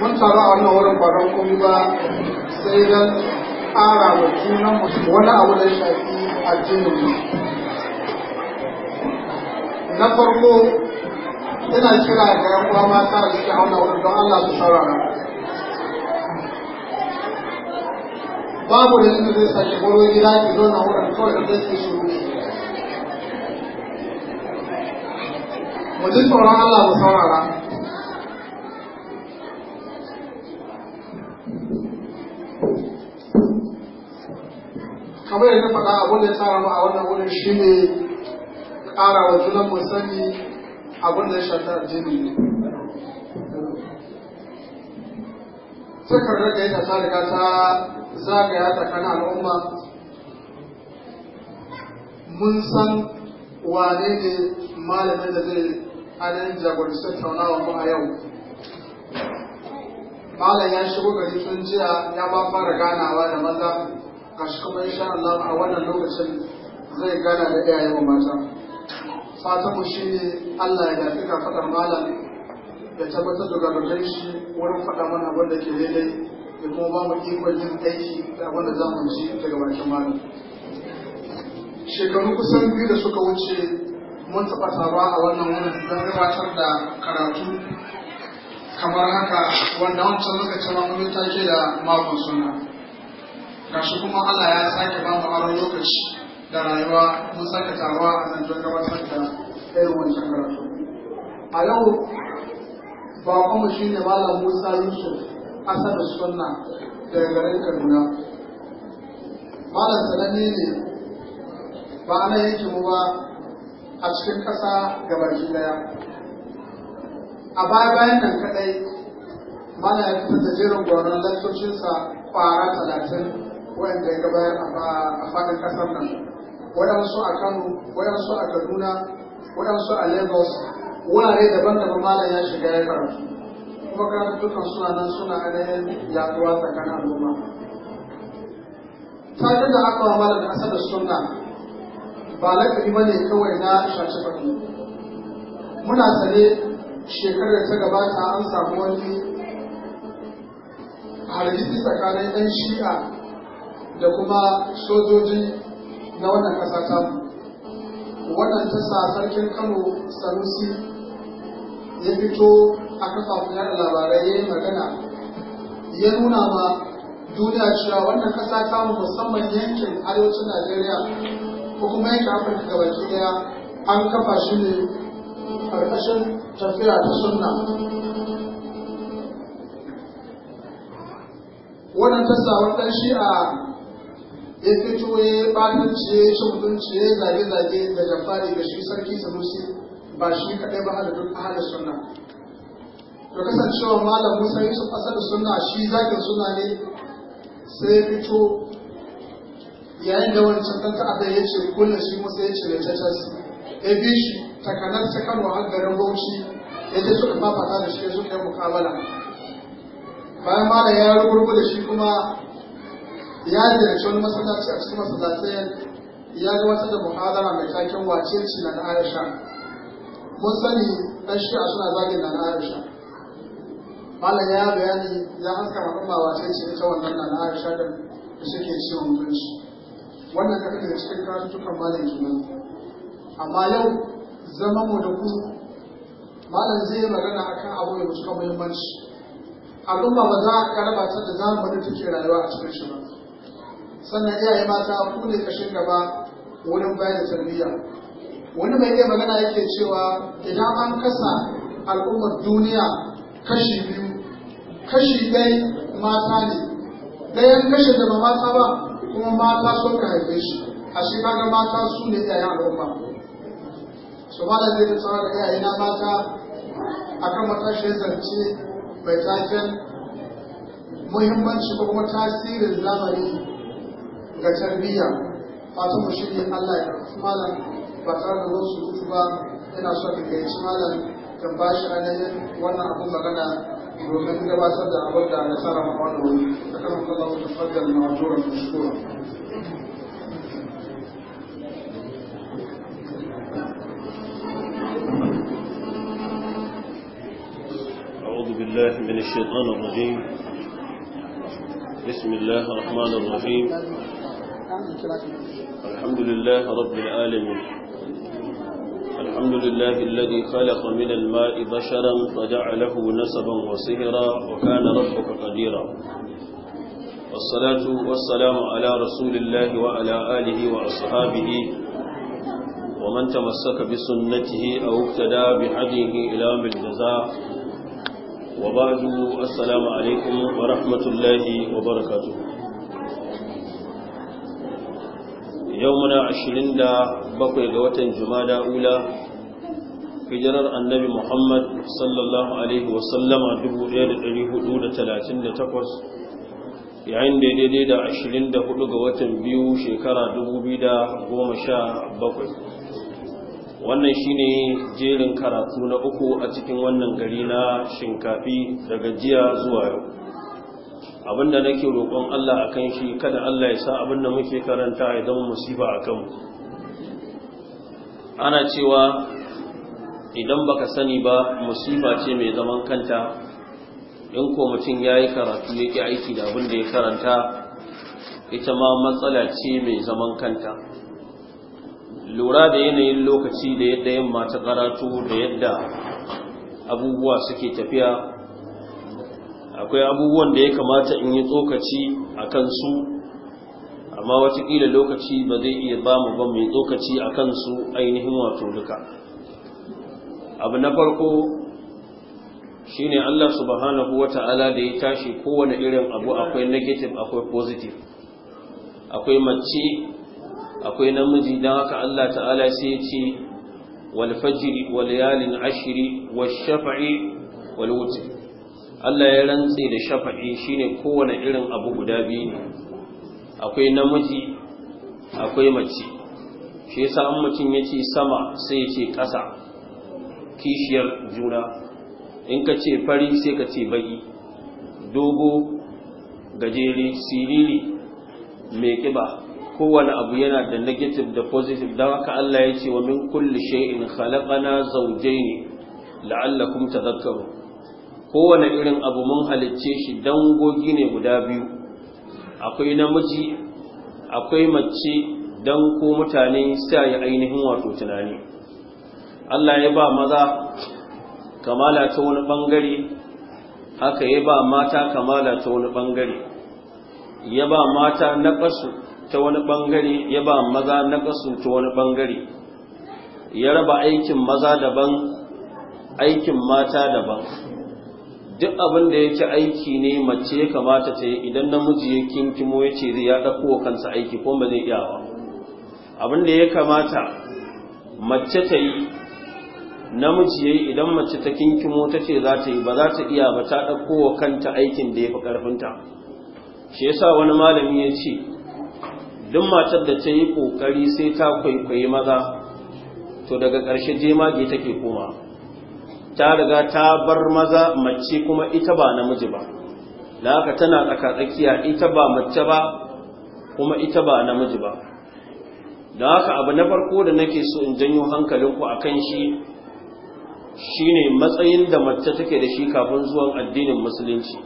mun taru a wannan wurin ba don komai ba sai don ƙara wa junan mu wani abu da ya shafi addinin mu na farko ina kira ga yan uwa mata da suke hauna wurin don Allah su saurara babu da inda zai sake goro gida ki zo na wurin kawai da zai su mu ji tsoron Allah mu saurara kamar yadda faɗa abin da ya tsara mu a wannan wurin shi ne ƙara wa junan mu sani abin da ya shafi addini ne takardar da ya ta ka ta zagaya tsakanin al'umma mun san wane ne malamin da zai ainihin jagoranci taunawa mu a yau malam ya shigo gari tun jiya ya ba fara ganawa da maza gashi kuma insha Allah a wannan lokacin zai gana da iyaye wa mata fatan shi ne Allah ya gafi ka fadar malam ya tabbatar da gabatar shi wurin faɗa mana wanda ke daidai ya kuma ba mu ikon yin aiki da wanda za mu ji daga bakin malam shekaru kusan biyu da suka wuce mun taɓa taruwa a wannan wurin don gabatar da karatu kamar haka wanda wancan lokacin mun take da makon suna kashi kuma Allah ya sake ba mu aron lokaci da rayuwa mun saka tawa a nan don gabatar da irin wancan karatu a yau ba kuma shi ne malam Musa Yusuf asar sunna daga garin Kaduna malam sananne ne ba ana yake mu ba a cikin ƙasa gabaki daya a baya bayan nan kadai Malam ya fitar da jerin gwanon kwara talatin wanda ya gabayar a faɗin ƙasar nan waɗansu a kano waɗansu a kaduna waɗansu a lagos wurare daban-daban malam ya shiga ya karatu kuma karatuttukan suna nan suna ainihin yaduwa tsakanin al'umma takin da aka wa malam ƙasar da sunna ba lakabi ba ne kawai na shaci baki muna sane shekarar ta gabata an samu wani hargitsi tsakanin 'yan shi'a da kuma sojoji na wannan ƙasa ta wannan ta sa sarkin kano sanusi ya fito a kafafun yada labarai ya yi magana ya nuna ma duniya cewa wannan ƙasa ta musamman yankin arewacin najeriya ko kuma yankin afirka baki daya an kafa shi ne ƙarƙashin tafiya ta sunna wannan ta sa wannan shi a ya fito ya ɓatanci ya ci mutunci ya zage-zage da jafari da shi sarki sanusi ba shi kaɗai ba da duk ahalar sunna to kasancewa malam musa su asali suna shi zakin suna ne sai fito yayin da wancan ɗanta ta'adda ya ce kullum shi musa ya ce da cacas ya bi shi takanar ta kano har garin bauchi ya je suka fafata da shi ya suka yi mukabala bayan malam ya rugurgu da shi kuma ya ziyarci wani masallaci a cikin masallatai ya ga wata da muhadara mai taken wace ce na Aisha mun sani dan suna zagin na Aisha malam ya bayani ya haska ma umma wace ce ita wannan na Aisha da suke mun mutunci wannan ta daga cikin karatukan malam kenan amma yau zama mu da ku malam zai yi magana akan abu da suka muhimmanci al'umma ba za a karaba ta da zamanin take rayuwa a cikin shi ba sannan iyaye mata ku ne kashin gaba wurin bayar da tarbiyya wani mai iya magana yake cewa idan an kasa al'ummar duniya kashi biyu kashi ɗai mata ne ɗayan kashe da ba mata ba kuma mata sun ka haife shi a shi kaga mata su ne iyayen al'umma su ba da zai tsawar da iyaye na mata akan matashin zance mai taken muhimmanci ko kuma tasirin zamani ga tarbiyya fatan mu shirya Allah ya ɗauki malam ba tare da wasu mutu ba ina son ka gaici malam kan ba shi ainihin wannan abun magana domin gabatar da abin da na tsara ma wannan wuri ta kama kallon wata fadar ma'azuran mashkura. أعوذ بالله من الشيطان الرجيم بسم الله الرحمن الرحيم الحمد لله رب العالمين الحمد لله الذي خلق من الماء بشرا فجعله نسبا وصهرا وكان ربك قديرا والصلاة والسلام على رسول الله وعلى آله وأصحابه ومن تمسك بسنته أو اقتدى بحديه إلى من الجزاء وبعد السلام عليكم ورحمة الله وبركاته yau muna ashirin da bakwai ga watan jumada ula hijirar annabi muhammad sallallahu alaihi wasallama 1438 yayin da daidai da ashirin da hudu ga watan biyu shekara 2017 wannan shine jerin karatu na uku a cikin wannan gari na shinkafi daga jiya zuwa yau abinda nake roƙon Allah akan shi kada Allah ya sa da muke karanta ya zama musiba a kanmu ana cewa idan baka sani ba musiba ce mai zaman kanta in ko mutum ya yi karatu ya ƙi aiki da abin da ya karanta ita ma matsala ce mai zaman kanta lura da yanayin lokaci da yadda yamma ta karatu da yadda abubuwa suke tafiya akwai abubuwan da ya kamata in yi tsokaci a kansu amma watakila lokaci ba zai iya ba mu ba mai tsokaci a kansu ainihin wato duka abu na farko shi ne Allah subhanahu ta'ala da ya tashi kowane irin abu akwai negative akwai positive akwai mace akwai namiji don haka Allah ta'ala sai ya ce walfajiri fajri ashiri yalin shafa'i Allah ya rantse da shafa'i shine kowane irin abu guda biyu ne, akwai namiji akwai mace shi yasa an mutum yace sama sai yace ƙasa kishiyar juna in ka ce fari sai ka ce baƙi, dogo gajere siriri mai kiba kowane abu yana da negative da positive dan haka Allah ya ce wa min kulli shay'in khalaqana zawjayn la'allakum tadhakkarun kowane irin abu mun halicce shi dangogi ne guda biyu akwai namiji akwai mace don ko mutane sa yi ainihin wato tunani Allah ya ba maza kamala ta wani bangare haka ya ba mata kamala ta wani bangare ya ba mata na ƙasu ta wani bangare ya ba maza na ƙasu ta wani bangare ya raba aikin maza daban aikin mata daban duk abin da yake aiki ne mace ya kamata ta yi idan namiji ya kinkimo ya ce ya ɗauko wa kansa aiki ko ba zai iya ba abin da ya kamata mace ta yi namiji ya yi idan mace ta kinkimo ta ce za ta yi ba za ta iya ba ta ɗauko wa kanta aikin da ya fi ƙarfinta shi sa wani malami ya ce duk matar da ta yi ƙoƙari sai ta kwaikwayi maza to daga ƙarshe jemage take koma ta riga ta bar maza mace kuma ita ba namiji ba da haka tana tsaka tsakiya ita ba mace ba kuma ita ba namiji ba da haka abu na farko da nake so in janyo hankalinku a kan shi shine matsayin da mace take da shi kafin zuwan addinin musulunci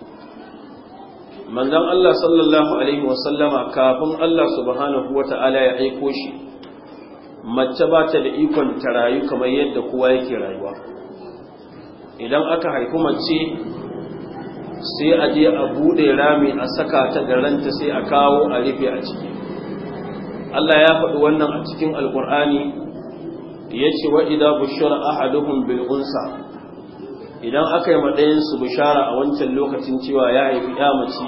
manzon Allah sallallahu alaihi wasallama kafin Allah subhanahu wata'ala ya aiko shi mace ba ta da ikon ta rayu kamar yadda kowa yake rayuwa idan aka haifi mace sai a je a buɗe rami a saka ta da ranta sai a kawo a rufe a ciki Allah ya faɗi wannan a cikin alƙur'ani ya ce wa ida bushara ahaduhum bil unsa idan aka yi madayin su bushara a wancan lokacin cewa ya haifi ya mace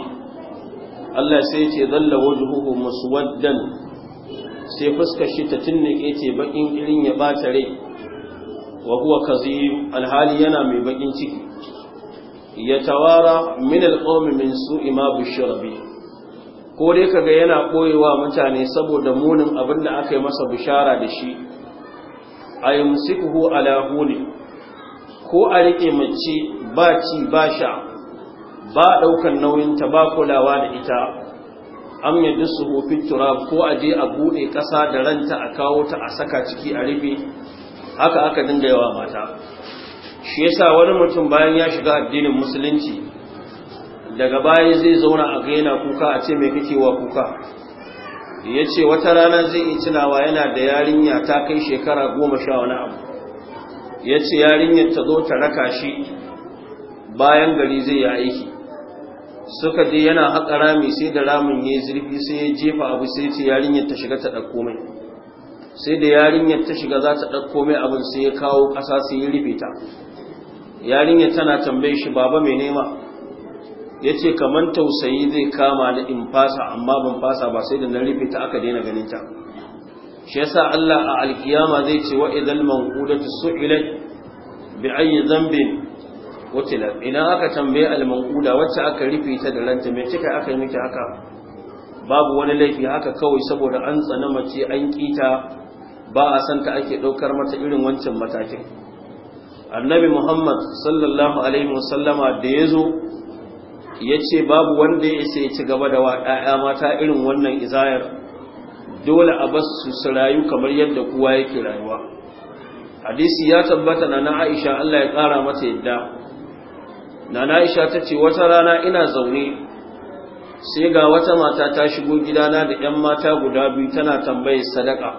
Allah sai ce dalla wajhuhu muswaddan sai fuskar shi ta ke ce bakin irin ya bata rai wa huwa kazim alhali yana mai bakin ciki ya tawara min alqawmi min su'i ma bushira ko dai kaga yana koyewa mutane saboda munin abin da aka yi masa bishara da shi ayumsikuhu ala huni ko a rike mace ba ci ba sha ba daukan ta ba kulawa da ita am yadda su turab ko a je a buɗe ƙasa da ranta a kawo ta a saka ciki a rufe haka aka dinga yawa mata shi yasa wani mutum bayan ya shiga addinin musulunci daga baya zai zauna a gaina kuka a ce mai kake kuka ya ce wata rana zai yi tunawa yana da yarinya ta kai shekara goma sha wani abu ya ce yarinyar ta zo ta raka shi bayan gari zai yi aiki suka je yana haƙa rami sai da ramin ya zurfi sai ya jefa abu sai ce yarinyar ta shiga ta ɗauko mai sai da yarinyar ta shiga za ta ɗauko mai abin sai ya kawo ƙasa sai ya rufe ta yarinyar tana tambayi shi baba mai nema ya ce kamar tausayi zai kama na in fasa amma ban fasa ba sai da na rufe ta aka daina ganin ta shi yasa Allah a alkiyama zai ce wa idan manqudatu su'ilat bi ayyi dhanbin idan aka tambaye al manquda wacce aka rufe ta da ranta me kika aka yi miki haka babu wani laifi haka kawai saboda an tsana mace an kita ba a santa ake ɗaukar mata irin wancan matakin annabi muhammad sallallahu alaihi wasallama da ya zo ya ce babu wanda ya isa ya ci gaba da wa mata irin wannan izayar dole a basu su rayu kamar yadda kowa yake rayuwa hadisi ya tabbata na Aisha Allah ya ƙara mata yadda na Aisha ta ce wata rana ina zaune sai ga wata mata ta shigo gidana da ‘yan mata guda biyu tana tambayar sadaka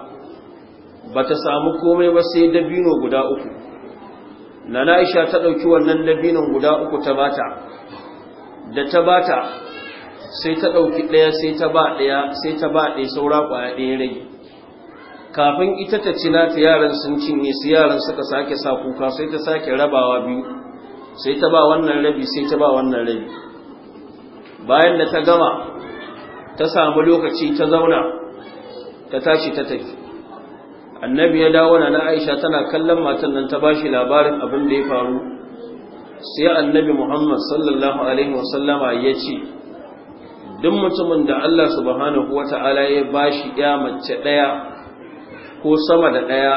ba ta samu komai ba sai dabino guda uku na na'isha ta ɗauki wannan dabinon guda uku ta bata da ta bata sai ta ɗauki ɗaya sai ta ba ɗaya sai ta ba ɗaya saura ƙwaya ɗaya rage kafin ita ta ci nata yaran sun cinye su yaran suka sake sa sai ta sake rabawa biyu sai ta ba wannan rabi sai ta ba wannan rabi bayan da ta gama ta samu lokaci ta zauna ta tashi ta tafi annabi ya dawo na Aisha tana kallon matan nan ta bashi labarin abin da ya faru sai annabi Muhammad sallallahu alaihi wasallama ya ce duk mutumin da Allah subhanahu wata'ala ya bashi ya mace daya ko sama da daya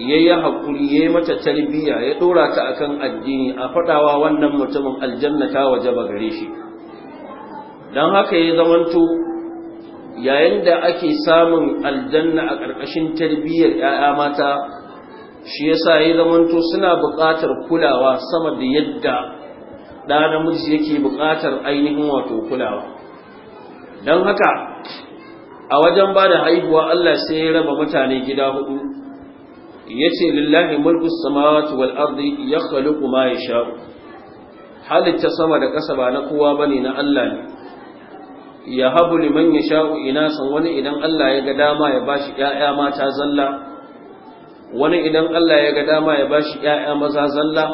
yayi hakuri yi mata tarbiyya ya ɗora ta kan addini a faɗawa wannan mutumin aljannata ta ba gare shi don haka ya zamanto yayin da ake samun aljanna a ƙarƙashin tarbiyyar 'ya'ya mata shi yasa ya zamanto suna buƙatar kulawa sama da yadda ɗa namiji yake buƙatar ainihin wato kulawa don haka a wajen ba da haihuwa Allah sai ya raba mutane gida hudu ya ce lillahi mulku samawati wal ardi ya khaliqu ma yasha halitta sama da ƙasa ba na kowa bane na Allah ne ya habu liman ya sha'u inasan wani idan Allah ya ga dama ya bashi ‘ya'ya mata zalla, wani idan Allah ya ga dama ya bashi ‘ya'ya maza zalla,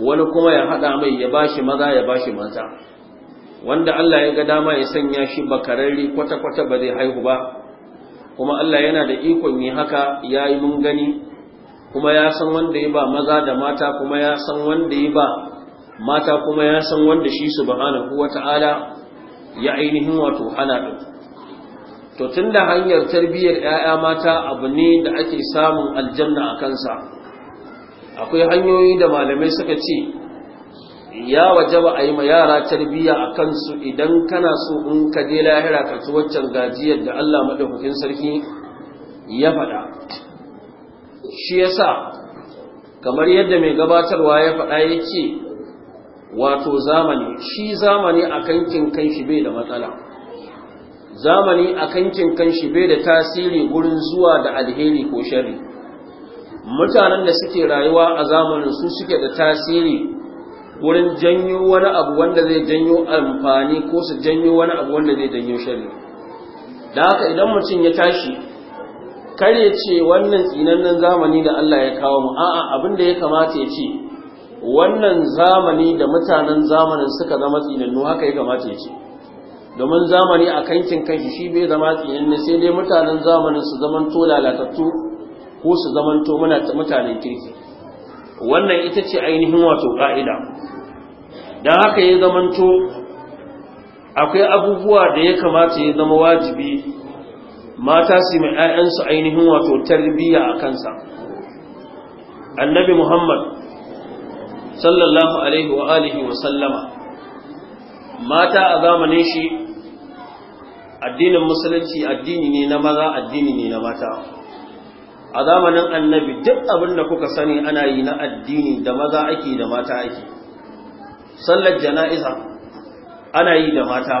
wani kuma ya haɗa mai ya bashi maza ya bashi mata, wanda Allah ya ga dama ya sanya shi bakararri kwata-kwata ba zai haihu ba, kuma Allah yana da ikon yi haka ya yi mun gani, kuma ya san wanda ya ba maza da mata kuma ya san wanda ya ba mata kuma ya san wanda shi subhanahu wata'ala ya ainihin wato hana ɗin to tun da hanyar tarbiyyar 'ya'ya mata abu ne da ake samun aljanna a kansa akwai hanyoyi da malamai suka ce ya waje ba a yi ma yara tarbiyya a kansu idan kana so in ka je lahira ka ci waccan gajiyar da Allah maɗaukakin sarki ya faɗa shi yasa kamar yadda mai gabatarwa ya faɗa ya ce wato zamani shi zamani a kankin kanshi bai da matsala zamani a kankin kanshi bai da tasiri gurin zuwa da alheri ko shari, mutanen da suke rayuwa a zamanin su suke da tasiri wurin janyo wani abu wanda zai janyo amfani ko su janyo wani abu wanda zai janyo shari. da haka idan mutum ya tashi kare ce wannan tsinannen zamani da Allah ya kawo mu a'a abin da ya kamata ya ce wannan zamani da mutanen zamanin suka zama tsinannu haka ya kamata ya ce domin zamani a kankin kanshi shi bai zama tsinannu sai dai mutanen zamanin su zamanto lalatattu ko su zamanto mutanen kirki wannan ita ce ainihin wato ƙa'ida don haka ya zamanto akwai abubuwa da ya kamata ya zama wajibi mata su mai 'ya'yansu ainihin wato tarbiyya a kansa annabi muhammad sallallahu alaihi wa alihi wa sallama mata a zamanin shi addinin musulunci addini ne na maza addini ne na mata a zamanin annabi duk abin da kuka sani ana yi na addini da maza ake da mata ake sallar jana'iza ana yi da mata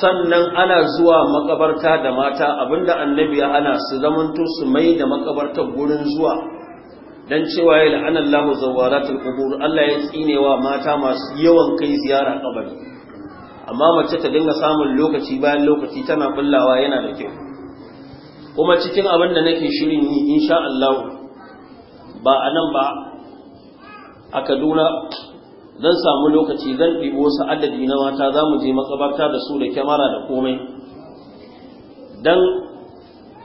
sannan ana zuwa makabarta da mata abinda annabi ya ana su zamanto su mai da makabartar gurin zuwa dan cewa ya la'ana Allahu zawaratul qubur Allah ya tsine wa mata masu yawan kai ziyara kabari amma mace ta dinga samun lokaci bayan lokaci tana bullawa yana da kyau kuma cikin abin da nake shirin yi insha Allah ba a nan ba a Kaduna zan samu lokaci zan ɗibo wasu adadi na mata za mu je makabarta da su da kyamara da komai dan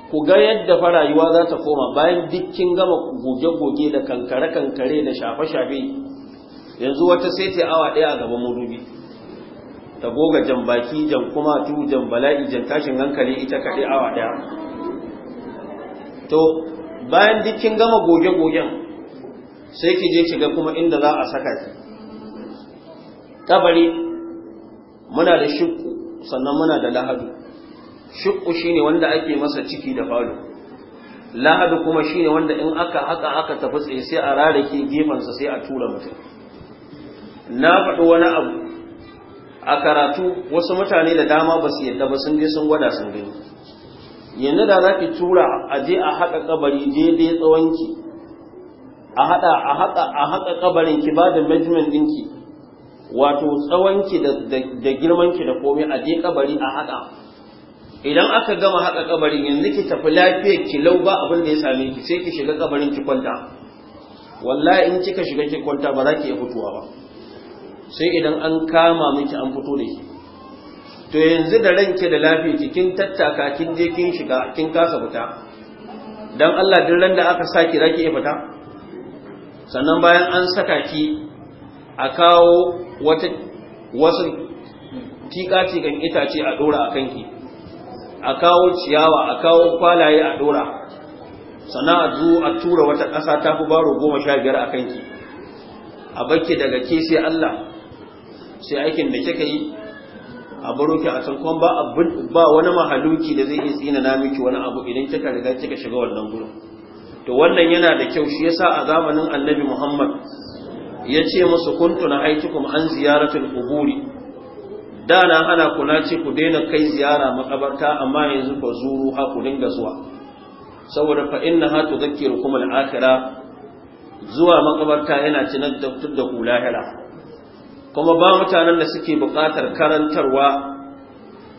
ku ga yadda fa rayuwa za ta koma bayan duk kin gama goge-goge da kankare-kankare da shafe-shafe yanzu wata sai ta awa ɗaya a gaban madubi ta goga jan baki jan kuma tu jan bala'i jan tashin hankali ita kaɗai awa ɗaya to bayan duk kin gama goge-gogen sai ki je shiga kuma inda za a saka ki kabari muna da shukku sannan muna da lahadu shi ne wanda ake masa ciki da falo lahadu kuma shi ne wanda in aka haka aka tafi tsaye sai a rarake gefansa sai a tura mutum na faɗi wani abu a karatu wasu mutane da dama ba su yadda ba sun je sun gwada sun gani yanzu da za ki tura a je a haka kabari daidai tsawonki a haɗa a haka a haka kabarin ki ba da measurement ɗinki wato tsawonki da girmanki da komai a je kabari a haɗa. idan aka gama haka kabarin yanzu ki tafi lafiya ki lau ba abin da ya same ki sai ki shiga kabarin ki kwanta wallahi in kika shiga ki kwanta ba za ki iya fitowa ba sai idan an kama miki an fito da ki to yanzu da ranke da lafiyar ki kin tattaka kin je kin shiga kin kasa fita dan Allah duk ran da aka saki za ki iya fita sannan bayan an saka ki a kawo wata wasu tika itace a dora a kanki a kawo ciyawa a kawo kwalaye a dora sana a zo a tura wata ƙasa ta fi baro goma sha biyar a kanki a bakke daga ke sai Allah sai aikin da kika yi a baro a can ba ba wani mahaluki da zai iya tsina na miki wani abu idan kika riga kika shiga wannan gurin to wannan yana da kyau shi yasa a zamanin Annabi Muhammad ya ce musu kuntuna na haitukum an ziyaratul quburi da na ana kula ce ku daina kai ziyara makabarta amma yanzu ku zuru ha ku dinga zuwa saboda fa inna ha tudhakkirukum al-akhirah zuwa makabarta yana tunar da ku lahira kuma ba mutanen da suke buƙatar karantarwa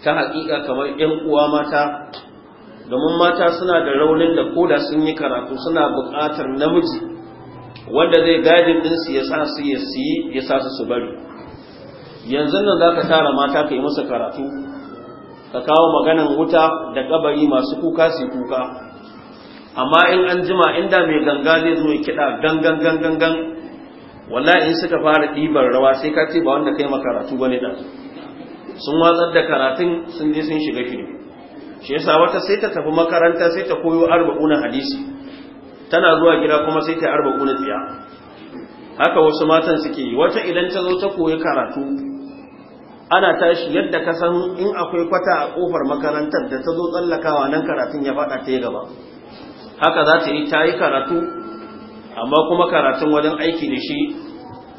ta haƙiƙa kamar 'yan uwa mata domin mata suna da raunin da koda sun yi karatu suna buƙatar namiji wanda zai gadin ɗinsu ya sa su ya ya sa su su bari yanzu nan za ka tara mata ka yi masa karatu ka kawo maganan wuta da kabari masu kuka su kuka amma in an jima inda mai ganga zai zo ya kiɗa gangan gangan gan in suka fara ɗibar rawa sai ka ce ba wanda kai makaratu bane da sun watsar da karatun sun je sun shiga fili shi yasa wata sai ta tafi makaranta sai ta koyo arba'una hadisi tana zuwa gida kuma sai ta arba'una tsiya haka wasu matan suke yi wata idan ta zo ta koyi karatu ana tashi yadda ka san in akwai kwata a kofar makarantar da ta zo tsallakawa nan karatun ya faɗa ta gaba haka za ta yi ta yi karatu amma kuma karatun wajen aiki da shi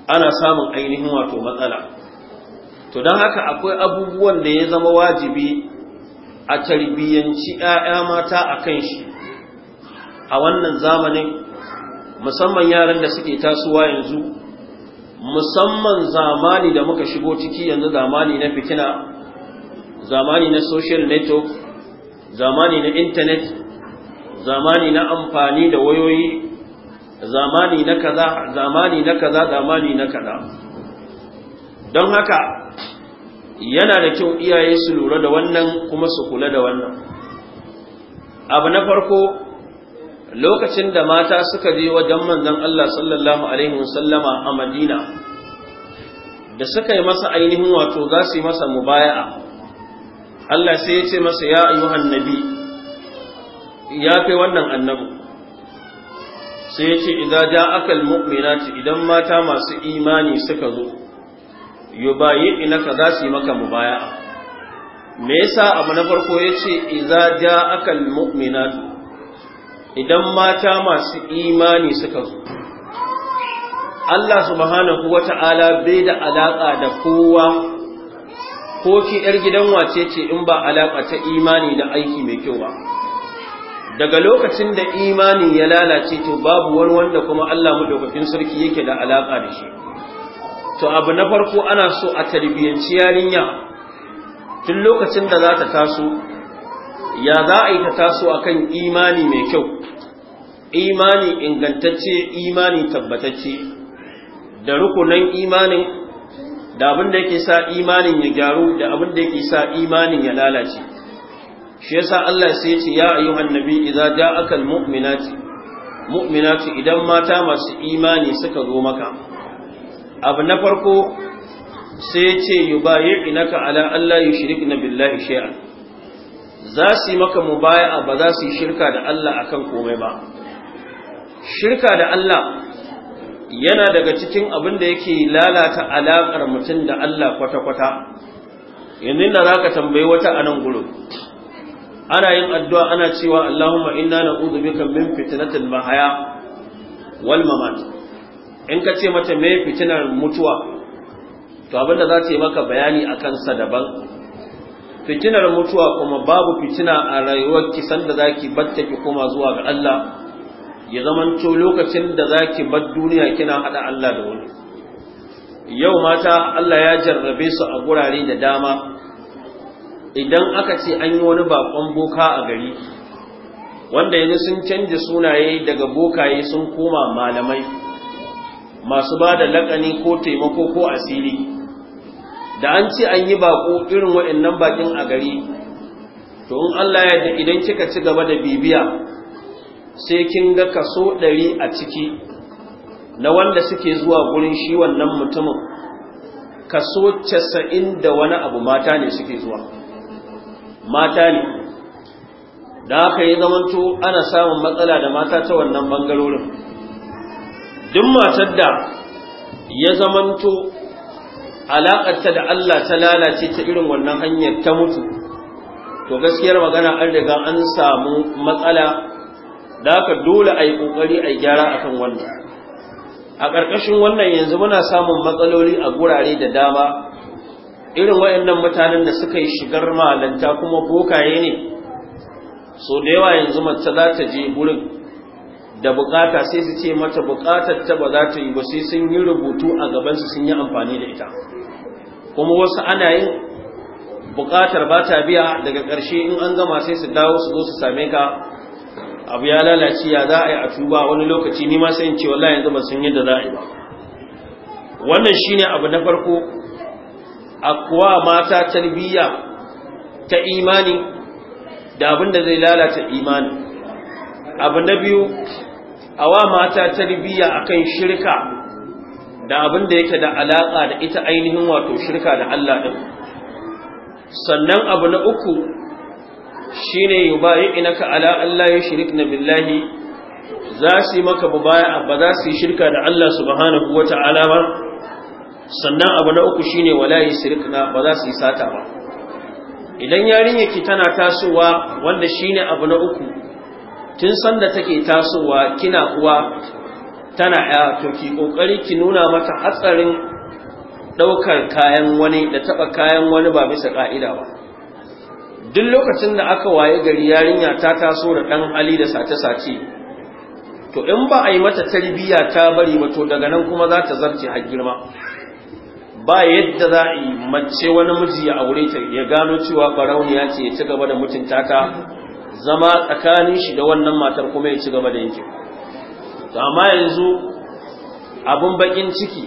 ana samun ainihin wato matsala to don haka akwai abubuwan da ya zama wajibi a tarbiyyanci 'ya'ya mata a kan shi a wannan zamanin musamman yaran da suke tasowa yanzu musamman zamani da muka shigo ciki yanzu zamani na fitina zamani na social network zamani na internet zamani na amfani da wayoyi zamani na kaza zamani na kaza zamani na kaza don haka yana da kyau iyaye su lura da wannan kuma su kula da wannan abu na farko lokacin da mata suka je wajen manzon Allah sallallahu alaihi wasallama a Madina da suka yi masa ainihin wato za su yi masa mubaya'a Allah sai ya ce masa ya ayyuhan nabi ya kai wannan annabi sai ya ce idza ja'aka almu'minatu idan mata masu imani suka zo ka za su yi maka mubaya'a me yasa abu na farko yace idza ja'aka almu'minatu idan mata masu imani suka zo Allah subhanahu wata'ala bai da alaka da kowa ko ki yar gidan wace ce in ba alaka ta imani da aiki mai kyau ba daga lokacin da imani ya lalace to babu wani wanda kuma Allah madaukakin sarki yake da alaka da shi to abu na farko ana so a tarbiyanci yarinya tun lokacin da za ta taso ya za a yi ta taso kan imani mai kyau imani ingantacce imani tabbatacce da rukunan imanin da abin da yake sa imanin ya gyaru da abin da yake sa imanin ya lalace shi yasa Allah sai ya ce ya ayyuhan nabi idza ja'aka almu'minati mu'minati idan mata masu imani suka zo maka abu na farko sai ya ce yubayi'inaka ala Allah yushrikna billahi shay'an za su yi maka mubaya ba za su yi shirka da Allah a kan komai ba shirka da Allah yana daga cikin abin da yake lalata alaƙar mutum da Allah kwata-kwata yanzu da za ka tambayi wata a nan gudu. ana yin addu'a ana cewa Allahumma inna na bika min fitinatul mahaya wal mamat in ka ce mata me fitinar mutuwa to abin da za ta yi maka bayani a kansa daban fitinar mutuwa kuma babu fitina a rayuwar ki sanda zaki batta ki koma zuwa ga Allah ya to lokacin da zaki bar duniya kina hada Allah da wani yau mata Allah ya jarrabe su a gurare da dama idan aka ce an yi wani bakon boka a gari wanda yanzu sun canja sunaye daga bokaye sun koma malamai masu ba da laƙani ko taimako ko asiri da an ce an yi baƙo irin waɗannan bakin a gari to in Allah ya da idan kika ci gaba da bibiya sai kin ga kaso ɗari a ciki na wanda suke zuwa gurin shi wannan mutumin kaso casa'in da wani abu mata ne suke zuwa mata ne da haka yi zamanto ana samun matsala da mata ta wannan bangarorin duk matar da ya zamanto alaƙarta da Allah ta lalace ta irin wannan hanyar ta mutu to gaskiyar magana an riga an samu matsala da aka dole a yi ƙoƙari a gyara akan wannan a ƙarƙashin wannan yanzu muna samun matsaloli a gurare da dama irin waɗannan mutanen da suka yi shigar malanta kuma bokaye ne so da yawa yanzu mace za ta je gurin da bukata sai su ce mata bukatar ta ba za ta yi ba sai sun yi rubutu a gabansu sun yi amfani da ita kuma wasu ana yin buƙatar ba ta biya daga ƙarshe in an gama sai su dawo su zo su same ka abu ya lalace ya za a yi a tuba wani lokaci ni ma sai in ce wallahi yanzu sun yi yadda za a yi ba wannan shine abu na farko a kuwa mata tarbiyya ta imani da abin da zai lalata imani abu na biyu a wa mata tarbiyya akan shirka da abin da yake da alaƙa da ita ainihin wato shirka da Allah ɗin sannan abu na uku shine yubayi inaka ala Allah ya shirik na billahi za su yi maka bubaya ba za su yi shirka da Allah subhanahu wa ta'ala ba sannan abu na uku shine wala yusrik na ba za su yi sata ba idan yarinya ki tana tasowa wanda shine abu na uku tun sanda take tasowa kina uwa tana ya to ki kokari ki nuna mata hatsarin ɗaukar kayan wani da taba kayan wani ba bisa ƙa'ida ba duk lokacin da aka waye gari yarinya ta taso da ɗan hali da sace-sace to in ba a yi mata tarbiyya ta bari ba to daga nan kuma za ta zarce har girma ba yadda za a yi mace wani miji ya aure ta ya gano cewa barauniya ce ya ci gaba da mutunta ta zama tsakanin shi da wannan matar kuma ya ci gaba da yankin. to amma yanzu abun bakin ciki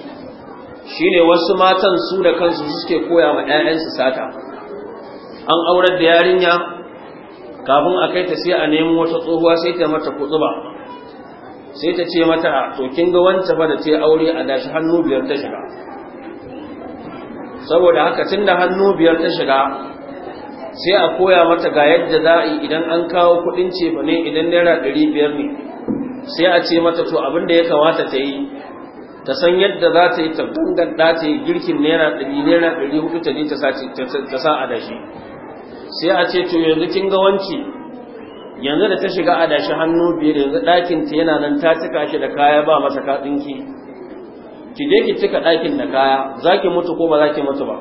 shine wasu matan su da kansu suke koya ma 'ya'yansu sata an aurar da yarinya kafin a kai ta sai a nemi wata tsohuwa sai ta mata kutsuba sai ta ce mata to kin ga wancan ba da ta aure a dashi hannu biyar ta shiga saboda haka tun da hannu biyar ta shiga sai a koya mata ga yadda za a yi idan an kawo kuɗin cefane ne idan naira ɗari biyar ne sai a ce mata to abin da ya kamata ta yi ta san yadda za ta yi ta ganganta ta yi girkin naira ɗari naira ɗari hudu ta je ta sa a dashi sai a ce to yanzu kin ga wanci yanzu da ta shiga a dashi hannu biyar yanzu ɗakin ta yana nan ta cika shi da kaya ba masa katsinki ki je ki cika ɗakin da kaya za ki mutu ko ba za ki mutu ba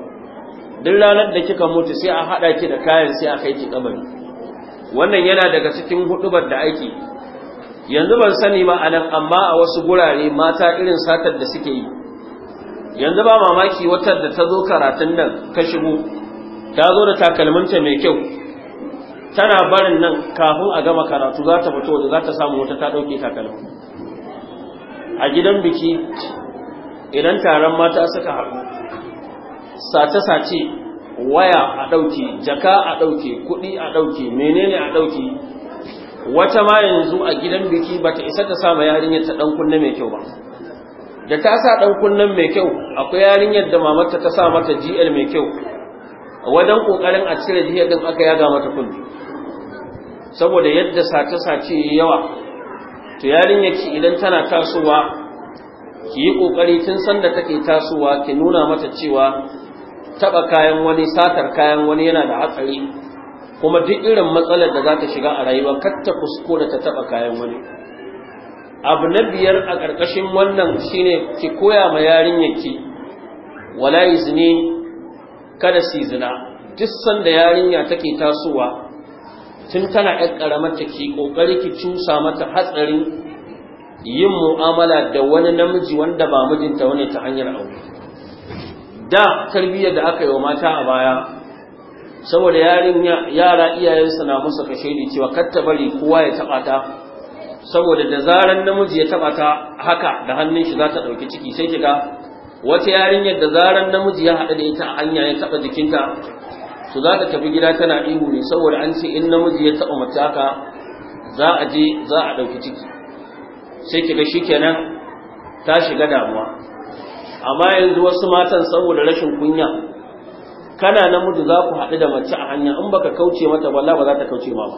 duk ranar da kika mutu sai a haɗa ki da kayan sai a kai ki kabari wannan yana daga cikin hudubar da aiki. yanzu ban sani ba a nan, amma a wasu gurare mata irin satar da suke yi yanzu ba mamaki watar da ta zo karatun nan ka shigo ta zo da takalminta mai kyau tana barin nan kafin a gama karatu za ta fito da za ta samu wata ta ɗauke takalmin a gidan biki idan taron mata suka haɗu sace-sace waya a ɗauke jaka a ɗauke kuɗi a ɗauke menene a ɗauke wata ma yanzu a gidan biki ba ta isa ta sa ma yarinyar ta dan kunne mai kyau ba da ta sa dan kunnen mai kyau akwai yarinyar da mamarta ta sa mata GL mai kyau wajen ƙoƙarin a cire GL ɗin aka yaga mata kunne saboda yadda sace-sace yawa to yarinyar ki idan tana tasowa ki yi ƙoƙari tun sanda take tasowa ki nuna mata cewa taɓa kayan wani satar kayan wani yana da hatsari kuma duk irin matsalar da za ta shiga a rayuwa kar ta kuskura ta taɓa kayan wani abu na biyar a ƙarƙashin wannan shine ki koya ma yarinyarki wala izni kada si zina duk sanda yarinya take tasowa tun tana ƴar ƙaramar ta ki ƙoƙari ki cusa mata hatsarin yin mu'amala da wani namiji wanda ba mijinta wani ta hanyar aure da tarbiyyar da aka yi wa mata a baya saboda yarin yara iyayensa na musu kashe ne cewa katta bari kowa ya taba ta saboda da zaran namiji ya taba ta haka da hannun shi za ta dauki ciki sai kiga wata yarinyar da zaran namiji ya haɗu da ita a hanya ya taba jikinta to za ta tafi gida tana ihu ne saboda an ce in namiji ya taba mace haka za a je za a dauki ciki sai kiga shikenan ta shiga damuwa amma yanzu wasu matan saboda rashin kunya kana namiji za ku haɗu da mace a hanya in baka kauce mata wallahi ba za ta kauce ma ba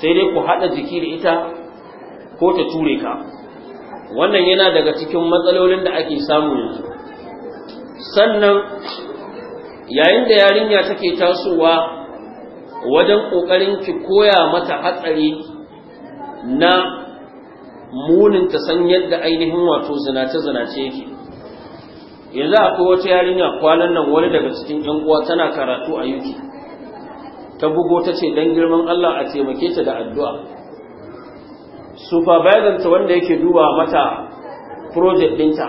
sai dai ku haɗa jiki da ita ko ta ture ka wannan yana daga cikin matsalolin da ake samu yanzu sannan yayin da yarinya take tasowa wajen ƙoƙarin ki koya mata hatsari na munin ta san yadda ainihin wato zinace-zinace yake yanzu akwai wata yarinya kwanan nan wani daga cikin yan uwa tana karatu a yuki ta bugo ta ce don girman Allah a taimake ta da addu'a supervisor wanda yake duba mata project ɗinta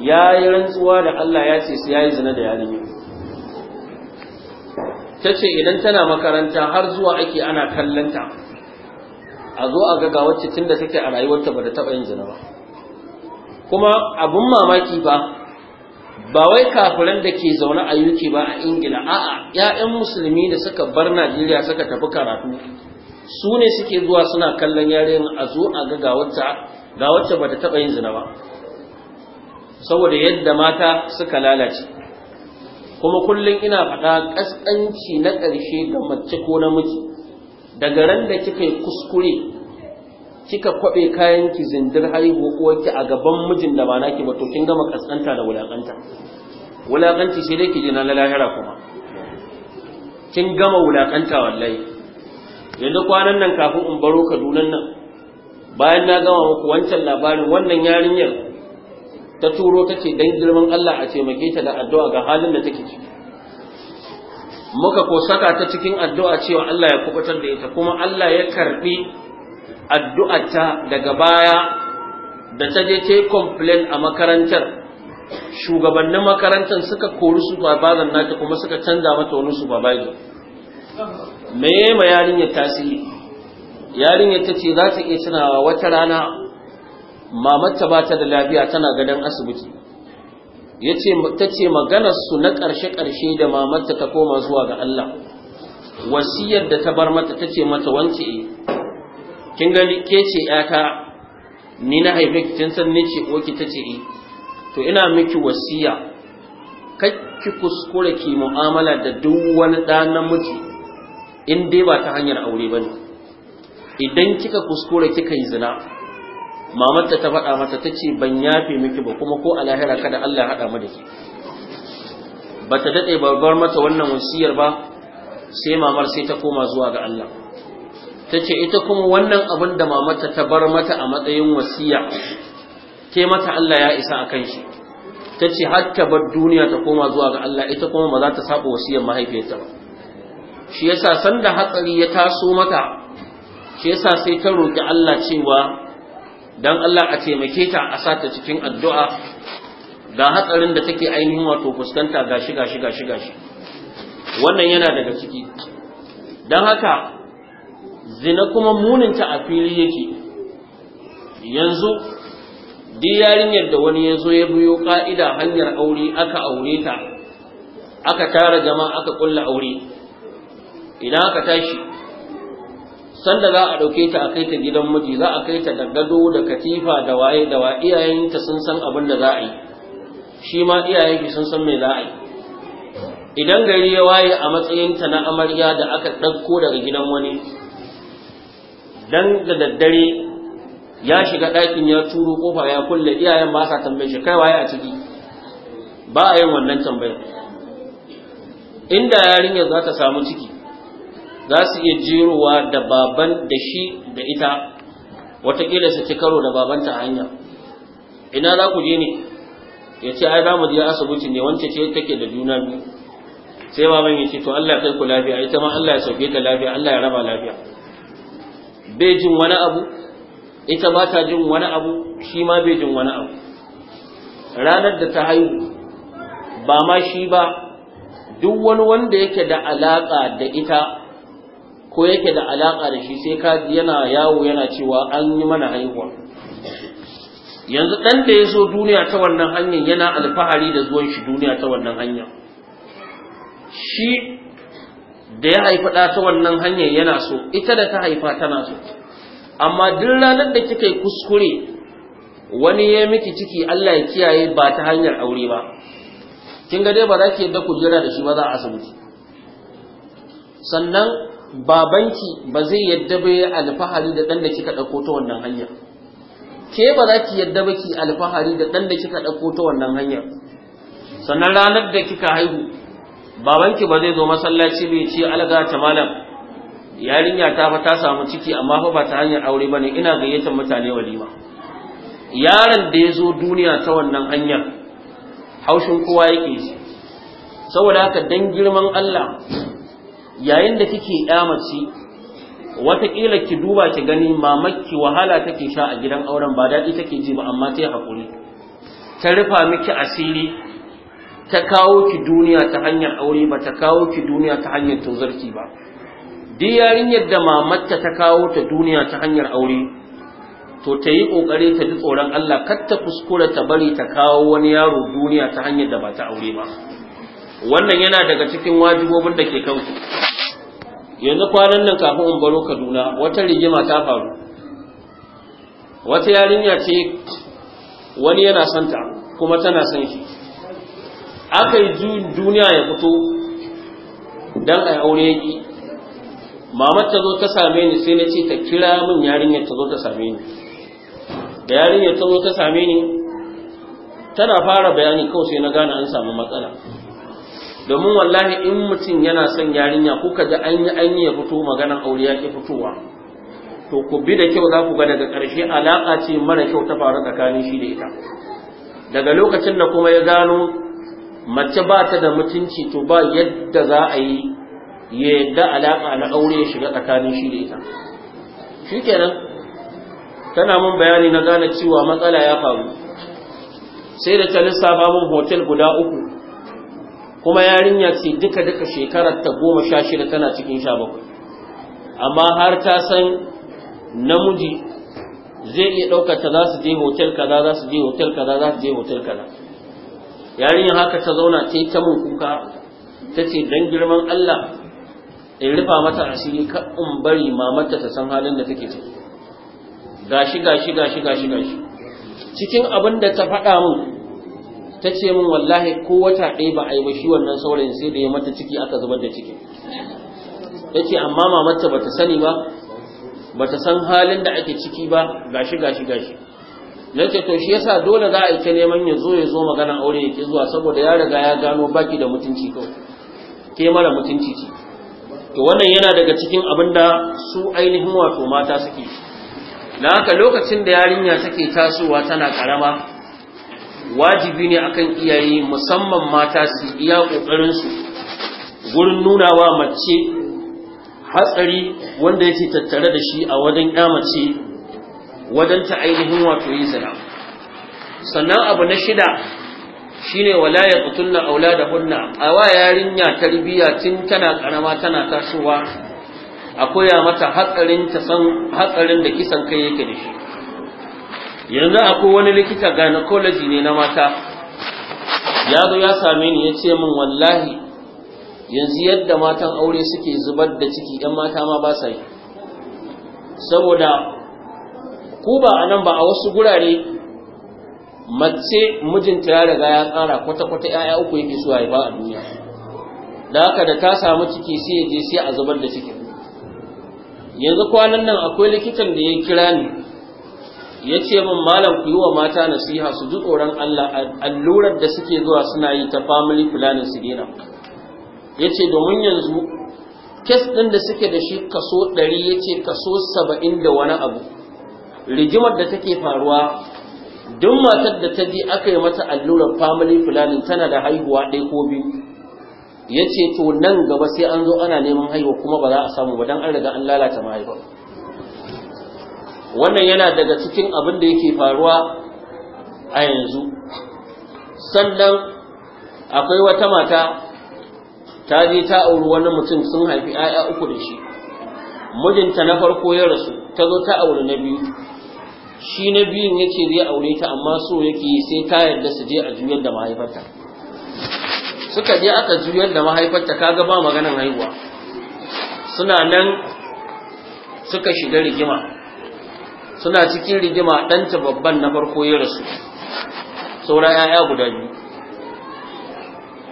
ya yi rantsuwa da Allah ya ce su ya yi zina da yarinya ta ce idan tana makaranta har zuwa ake ana kallonta a zo a gaga ga wacce tun da take a rayuwarta ba da taɓa yin zina ba kuma abun mamaki ba ba wai kafiran da ke zaune a UK ba a Ingila a'a 'ya'yan musulmi da suka bar Najeriya suka tafi karatu su ne suke zuwa suna kallon yaren a zo a ga wacce ga wacce bata taba yin zina ba saboda yadda mata suka lalace kuma kullum ina faɗa ƙasƙanci na ƙarshe ga mace ko namiji daga ran da kika yi kuskure kika kwabe kayan ki zindir haihuwa uwarki a gaban mijin da ba naki ba to kin gama kaskanta da wulakanta wulakanci sai dai ki ji na lahira kuma kin gama wulakanta wallahi yanzu kwanan nan kafin in baro Kaduna nan bayan na gama muku wancan labarin wannan yarinyar ta turo ta dan girman Allah a taimake ta da addu'a ga halin da take ciki muka ko saka ta cikin addu'a cewa Allah ya kubutar da ita kuma Allah ya karbi addu'arta daga baya da ta je ta yi complain a makarantar shugabannin makarantar suka kori su supervisor nata kuma suka canza mata wani su supervisor me ma yarinyar tasiri yarinyar ta ce za ta iya tunawa wata rana mamarta ba ta da lafiya tana gadon asibiti ta ce su na ƙarshe-ƙarshe da mamarta ta koma zuwa ga Allah wasiyar da ta bar mata ta ce mata wance eh. kin ga ke ce yata ni na haife ki kin san ni ce ko ki ta ce eh. to ina miki wasiya kai ki kuskure ki mu'amala da duk wani ɗa namiji in dai ba ta hanyar aure ba idan kika kuskure kika yi zina mamarta ta faɗa mata tace ban yafe miki ba kuma ko a lahira kada Allah ya hada mu da ke ba ta daɗe babbar mata wannan wasiyar ba sai mamar sai ta koma zuwa ga Allah ta ce ita kuma wannan abin da mamata ta bar mata a matsayin wasiya ke mata Allah ya isa a kan shi ta ce har bar duniya ta koma zuwa ga Allah ita kuma ba za ta saba wasiyar mahaifiyarta ba shi yasa sanda hatsari ya taso mata shi yasa sai ta roki Allah cewa dan Allah a taimake ta a sata cikin addu'a ga hatsarin da take ainihin wato fuskanta ga shiga shiga shiga shi. wannan yana daga ciki dan haka zina kuma muninta a fili yake yanzu di yarinyar da wani ya zo ya biyo ka'ida hanyar aure aka aure ta aka tara jama'a aka kulla aure idan aka tashi sanda za a ɗauke ta a kai ta gidan miji za a kai ta da gado da katifa da waye da wa iyayenta sun san abin da za a yi shi ma iyayen sun san me za a yi idan gari ya waye a matsayinta na amarya da aka ɗauko daga gidan wani dan da daddare ya shiga ɗakin ya turo kofa ya kulle iyayen ba sa tambaye shi kai waye a ciki ba a yin wannan tambayar inda yarinyar za ta samu ciki za su iya jirowa da baban da shi da ita watakila su ci karo da babanta hanya ina za ku je ne ya ce ai za mu je asibiti ne wance ce take da juna biyu sai baban ya ce to Allah ya kai ku lafiya ita ma Allah ya sauke ta lafiya Allah ya raba lafiya bai jin wani abu ita ba ta jin wani abu shi ma bai jin wani abu ranar da ta haihu ba ma shi ba duk wani wanda yake da alaƙa da ita ko yake da alaƙa da shi sai ka yana yawo yana cewa an yi mana haihuwa yanzu ɗan da ya zo duniya ta wannan hanyar yana alfahari da zuwan shi duniya ta wannan hanyar shi da ya haifi ɗa ta wannan hanyar yana so ita da ta haifa tana so amma duk ranar da kika yi kuskure wani ya miki ciki Allah ya kiyaye ba ta hanyar aure ba kin ga dai ba za ki yadda ku jira da shi ba za a asibiti sannan babanki ba zai yadda ba ya alfahari da ɗan da kika ɗauko ta wannan hanyar ke ba za ki yadda ba ki alfahari da ɗan da kika ɗauko ta wannan hanyar sannan ranar da kika haihu babanki ba zai zo masallaci bai ce alga ta malam yarinya ta fa ta samu ciki amma fa ba ta hanyar aure bane ina gayyatar mutane walima yaron da ya zo duniya ta wannan hanyar haushin kowa yake shi saboda haka dan girman Allah yayin da kike mace wataƙila ki duba ki gani mamaki wahala take sha a gidan auren ba daɗi take ji ba amma ta yi haƙuri ta rufa miki asiri ta kawo ki duniya ta hanyar aure ba ta kawo ki duniya ta hanyar tozarki ba duk yarinyar da mamatta ta kawo ta duniya ta hanyar aure to ta yi ƙoƙari ta ji tsoron Allah kar ta kuskura ta bari ta kawo wani yaro duniya ta hanyar da ba ta aure ba wannan yana daga cikin wajibobin da ke kanku yanzu kwanan nan kafin in baro Kaduna wata rigima ta faru wata yarinya ce wani yana santa kuma tana son shi aka yi duniya ya fito dan ai aure yaki mamar ta zo ta same ni sai na ce ta kira min yarinyar ta zo ta same ni da yarinyar ta zo ta same ni tana fara bayani kawai sai na gane an samu matsala domin wallahi in mutum yana son yarinya kuka ji an yi an ya fito maganar aure ya fitowa to ku bi da kyau za ku ga daga ƙarshe alaƙa ce mara kyau ta faru tsakanin shi da ita daga lokacin da kuma ya gano mace ba ta da mutunci to ba yadda za a yi yadda alaƙa na aure ya shiga tsakanin shi da ita shi kenan tana mun bayani na gane cewa matsala ya faru sai da ta lissafa mun hotel guda uku kuma yarinya ce duka duka shekarar ta goma sha shida tana cikin sha bakwai amma har ta san namiji zai iya ɗaukata ta za su je hotel kaza za su je hotel kaza za su je hotel kaza yarinyar haka ta zauna ta yi ta mun kuka ta ce don girman Allah in rufa mata asiri ka in bari mamarta ta san halin da take ciki gashi gashi gashi gashi gashi cikin abin da ta faɗa mun ta ce min wallahi ko wata ɗaya ba a yi ba shi wannan saurayin sai da ya mata ciki aka zubar da ciki ya ce amma mamata ba ta sani ba ba ta san halin da ake ciki ba gashi gashi gashi na ce to shi yasa dole za a yi ta neman ya zo ya zo magana aure ya ke zuwa saboda ya riga ya gano baki da mutunci kawai ke mara mutunci ce to wannan yana daga cikin abin da su ainihin wato mata suke na haka lokacin da yarinya take tasowa tana karama wajibi ne akan iyaye musamman mata su iya kokarin su gurin nuna wa mace hatsari wanda yake tattare da shi a wajen ya mace wajen ta ainihin wato yi zina sannan abu na shida shine wala ya kutunna hunna a wa yarinya tarbiyya tun tana karama tana tasowa a koya mata hatsarin ta san hatsarin da kisan kai yake da shi yanzu akwai wani likita gynecology ne na mata ya zo ya same ni ya ce min wallahi yanzu yadda matan aure suke zubar da ciki yan mata ma ba sa yi saboda ko ba a nan ba a wasu gurare mace mijinta ya riga ya tsara kwata-kwata ‘ya'ya uku yake su haifa a duniya da haka da ta samu ciki sai ya je sai a zubar da ciki yanzu kwanan nan akwai likitan da ya kira ni ya ce min malam ku yi wa mata nasiha su ji tsoron Allah allurar da suke zuwa suna yi ta family planning su gina ya ce domin yanzu kes ɗin da suke da shi kaso ɗari ya ce kaso saba'in da wani abu rigimar da take faruwa duk matar da ta ji aka yi mata allurar family planning tana da haihuwa ɗaya ko biyu ya ce to nan gaba sai an zo ana neman haihuwa kuma ba za a samu ba don an riga an lalata mahaifa wannan yana daga cikin abin da yake faruwa a yanzu sannan akwai wata mata ta je ta auri wani mutum sun haifi 'ya'ya uku da shi mijinta na farko ya rasu ta zo ta auri na biyu shi na biyun ya ce zai aure ta amma so yake sai ta yarda su je a juyar da mahaifarta suka je aka juyar da mahaifarta kaga ba maganan haihuwa suna nan suka shiga rigima suna cikin rigima ɗanta babban na farko ya rasu saura 'ya'ya guda biyu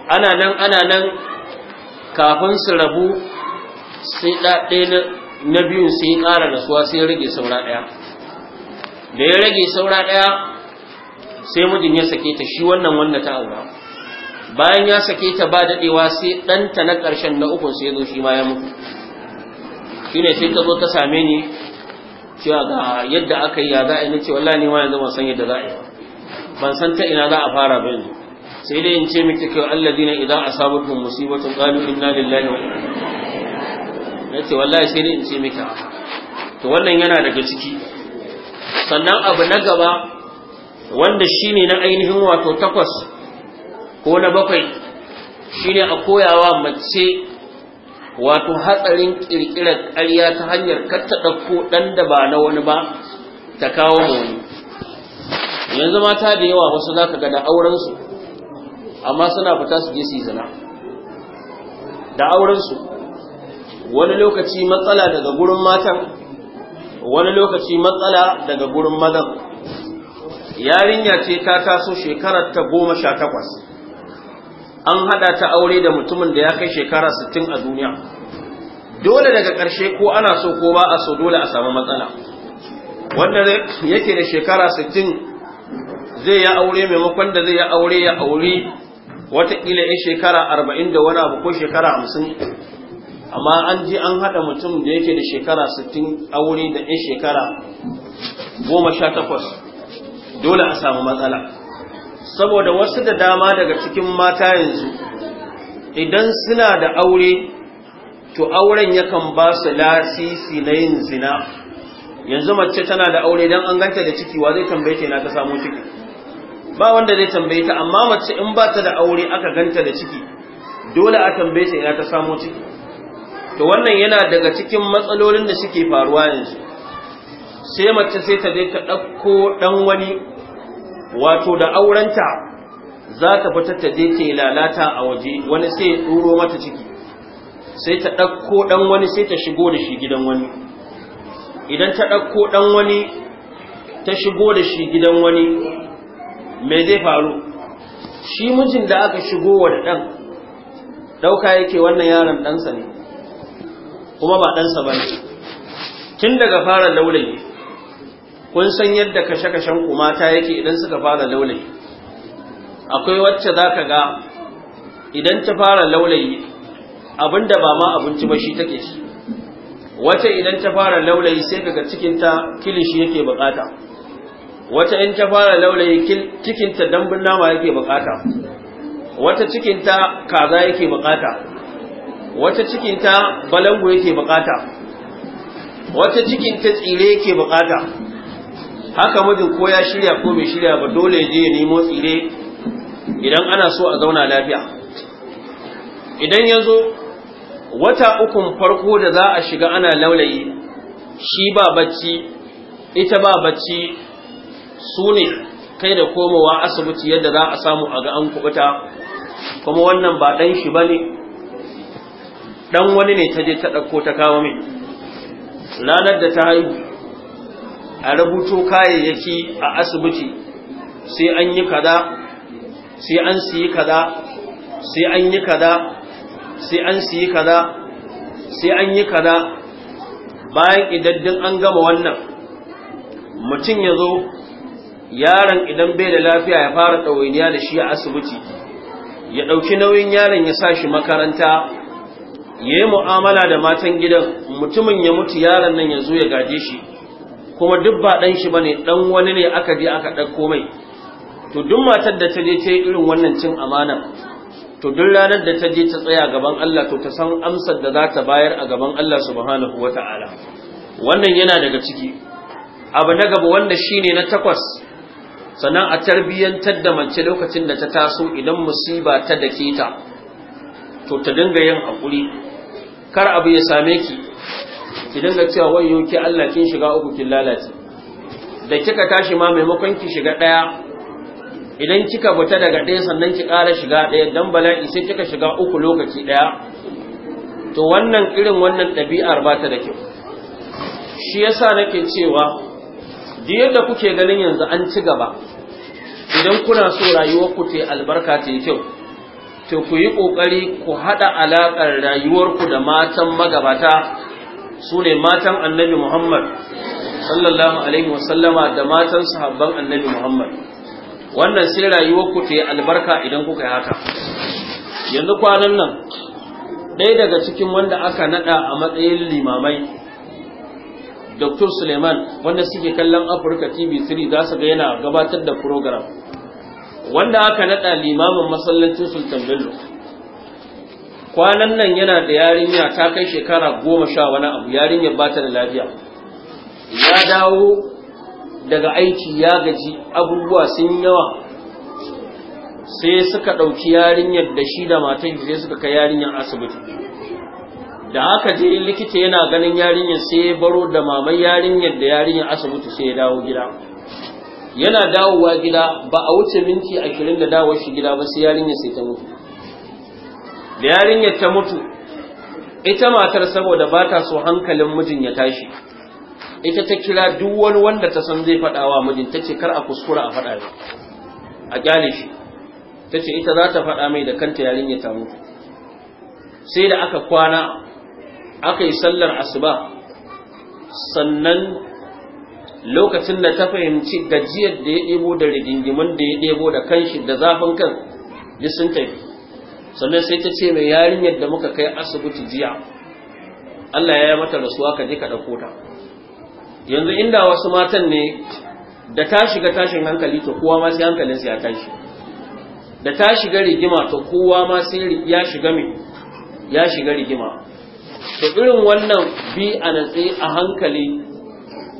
ana nan ana nan kafin su rabu sai ɗaɗe na biyun sai ƙara rasuwa sai rage saura ɗaya da ya rage saura ɗaya sai mijin ya sake ta shi wannan wanda ta aura bayan ya sake ta ba daɗewa sai ɗanta na ƙarshen na ukun sai zo shi ma ya mutu Shi ne sai ta zo ta same ni cewa ga yadda aka yi ya za a yi na ce wallahi ni ma yanzu ban san yadda za a yi ban san ta ina za a fara ba yanzu sai dai in ce miki kai alladina idan asabatuhum musibatun qalu inna lillahi wa inna ilaihi wallahi sai dai in ce miki to wannan yana daga ciki sannan abu na gaba wanda shine na ainihin wato takwas ko na bakwai shine a koyawa mace wato hatsarin ƙirƙirar ƙarya ta hanyar katta ɗauko ɗan da ba na wani ba ta kawo wani yanzu mata da yawa wasu za ka gada da aurensu amma suna fita su je su yi zina da aurensu wani lokaci matsala daga gurin matan wani lokaci matsala daga gurin mazan yarinya ce ta taso shekarar ta goma sha takwas an hada ta aure da mutumin da ya kai shekara sittin a duniya dole daga ƙarshe ko ana so ko ba a so dole a samu matsala wanda yake da shekara sittin zai ya aure maimakon da zai ya aure ya aure watakila ya shekara arba'in da wani abu ko shekara hamsin amma an ji an haɗa mutum da yake da shekara 60 aure da ɗan shekara 18 dole a samu matsala saboda wasu da dama daga cikin mata yanzu idan suna da aure to auren yakan ba su lasisi na yin zina yanzu mace tana da aure don an ganta da ciki wa zai tambaye ta na ta samu ciki ba wanda zai tambaye ta amma mace in ba ta da aure aka ganta da ciki dole a tambaye ta ina ta samu ciki to wannan yana daga cikin matsalolin da suke faruwa yanzu sai mace sai ta je ta ɗauko ɗan wani wato da aurenta za ta fita ta je ta lalata a waje wani sai ya ɗuro mata ciki sai ta ɗauko ɗan wani sai ta shigo da shi gidan wani idan ta ɗauko ɗan wani ta shigo da shi gidan wani me zai faru shi mijin da aka shigo wa da ɗan ɗauka yake wannan yaron ɗansa ne kuma ba ɗansa ba ne tun daga fara laulayi kun san yadda kashe-kashen kumata yake idan suka fara laulayi akwai wacce za ka ga idan ta fara laulayi abinda ba ma abinci ba shi take shi wata idan ta fara laulayi sai kaga cikinta kilishi yake bukata wata in ta fara laulayi cikinta dambun nama yake bukata wata cikinta kaza yake bukata wata cikin ta balangu yake bukata wata cikin ta tsire yake bukata haka mijin ko ya shirya ko bai shirya ba dole ya je ya nemo tsire idan ana so a zauna lafiya idan ya zo wata ukun farko da za a shiga ana laulayi shi ba bacci ita ba bacci su ne kai da komowa asibiti yadda za a samu a ga an kubuta kuma wannan ba ɗan shi ba ne dan wani ne ta je ta ɗauko ta kawo min ranar da ta haihu a rubuto kayayyaki a asibiti sai an yi kaza sai an siyi kaza sai an yi kaza sai an siyi kaza sai an yi kaza bayan idaddin an gama wannan mutum ya zo yaron idan bai da lafiya ya fara ɗawainiya da shi a asibiti ya ɗauki nauyin yaron ya sa shi makaranta ya yi mu'amala da matan gidan mutumin ya mutu yaron nan ya zo ya gaje shi kuma duk ba ɗan shi ba ne ɗan wani ne aka je aka ɗauko mai to duk matar da ta je ta yi irin wannan cin amana to duk ranar da ta je ta tsaya gaban Allah to ta san amsar da za ta bayar a gaban Allah subhanahu ta'ala. wannan yana daga ciki abu na gaba wanda shi ne na takwas sannan a tarbiyyantar da mace lokacin da ta taso idan musiba ta dake ta to ta dinga yin hakuri kar abu ya same ki ki dinga cewa wayo ki Allah kin shiga uku kin lalace da kika tashi ma maimakon ki shiga ɗaya idan kika fita daga ɗaya sannan ki ƙara shiga ɗaya dan bala'i sai kika shiga uku lokaci ɗaya to wannan irin wannan ɗabi'ar ba ta da kyau shi yasa nake cewa duk yadda kuke ganin yanzu an ci gaba idan kuna so rayuwar ku ta albarka ta yi kyau to ku yi ƙoƙari ku haɗa alaƙar rayuwarku da matan magabata su ne matan annabi Muhammad sallallahu alaihi wasallama da matan sahabban annabi Muhammad wannan sai rayuwarku ta yi albarka idan kuka yi haka yanzu kwanan nan ɗaya daga cikin wanda aka naɗa a matsayin limamai Dr. Suleiman wanda suke kallon Afirka TV3 za su ga yana gabatar da program wanda aka naɗa limamin masallacin sultan bello kwanan nan yana da yarinya ta kai shekara goma sha wani abu yarinyar ba ta da lafiya ya dawo daga aiki ya gaji abubuwa sun yawa sai suka ɗauki yarinyar da shi da matan sai suka kai yarinyar asibiti da haka je likita yana ganin yarinyar sai ya baro da maman yarinyar da yarinyar asibiti sai ya dawo gida yana dawowa gida ba a wuce minti kirin da dawowar shi gida ba sai yarinyar sai ta mutu da yarinya ta mutu ita matar saboda ba ta so hankalin mijin ya tashi ita ta kira duk wani wanda ta san zai faɗa wa mijin ta ce kar a kuskura a faɗa mai a kyale shi ta ce ita za ta faɗa mai da kanta yarinya ta mutu sai da aka kwana aka yi sallar asuba sannan lokacin da ta fahimci gajiyar da ya ɗebo da rigingimin da ya ɗebo da kanshi da zafin kan duk sun tafi sannan sai ta ce mai yarinyar da muka kai asibiti jiya Allah ya yi mata rasuwa ka je ka ɗauko ta yanzu inda wasu matan ne da ta shiga tashin hankali to kowa ma sai su ya tashi da ta shiga rigima to kowa ma sai ya shiga mai ya shiga rigima da irin wannan bi a natsi a hankali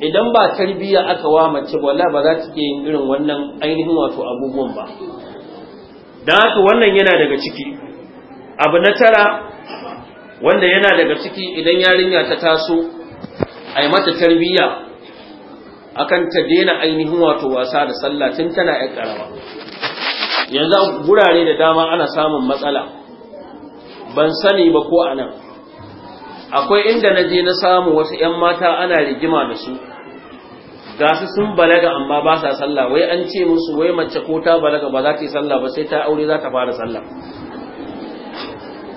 idan ba tarbiyya aka wa mace wala ba za ta ke yin irin wannan ainihin wato abubuwan ba don haka wannan yana daga ciki abu na tara wanda yana daga ciki idan yarinya ta taso a yi mata tarbiyya akan ta daina ainihin wato wasa da sallah tun tana yan karama yanzu gurare da dama ana samun matsala ban sani ba ko a nan akwai inda na je na samu wasu 'yan mata ana rigima da su ga su sun balaga amma ba sa sallah wai an ce musu wai mace ko ta balaga ba za ta yi sallah ba sai ta aure za ta fara sallah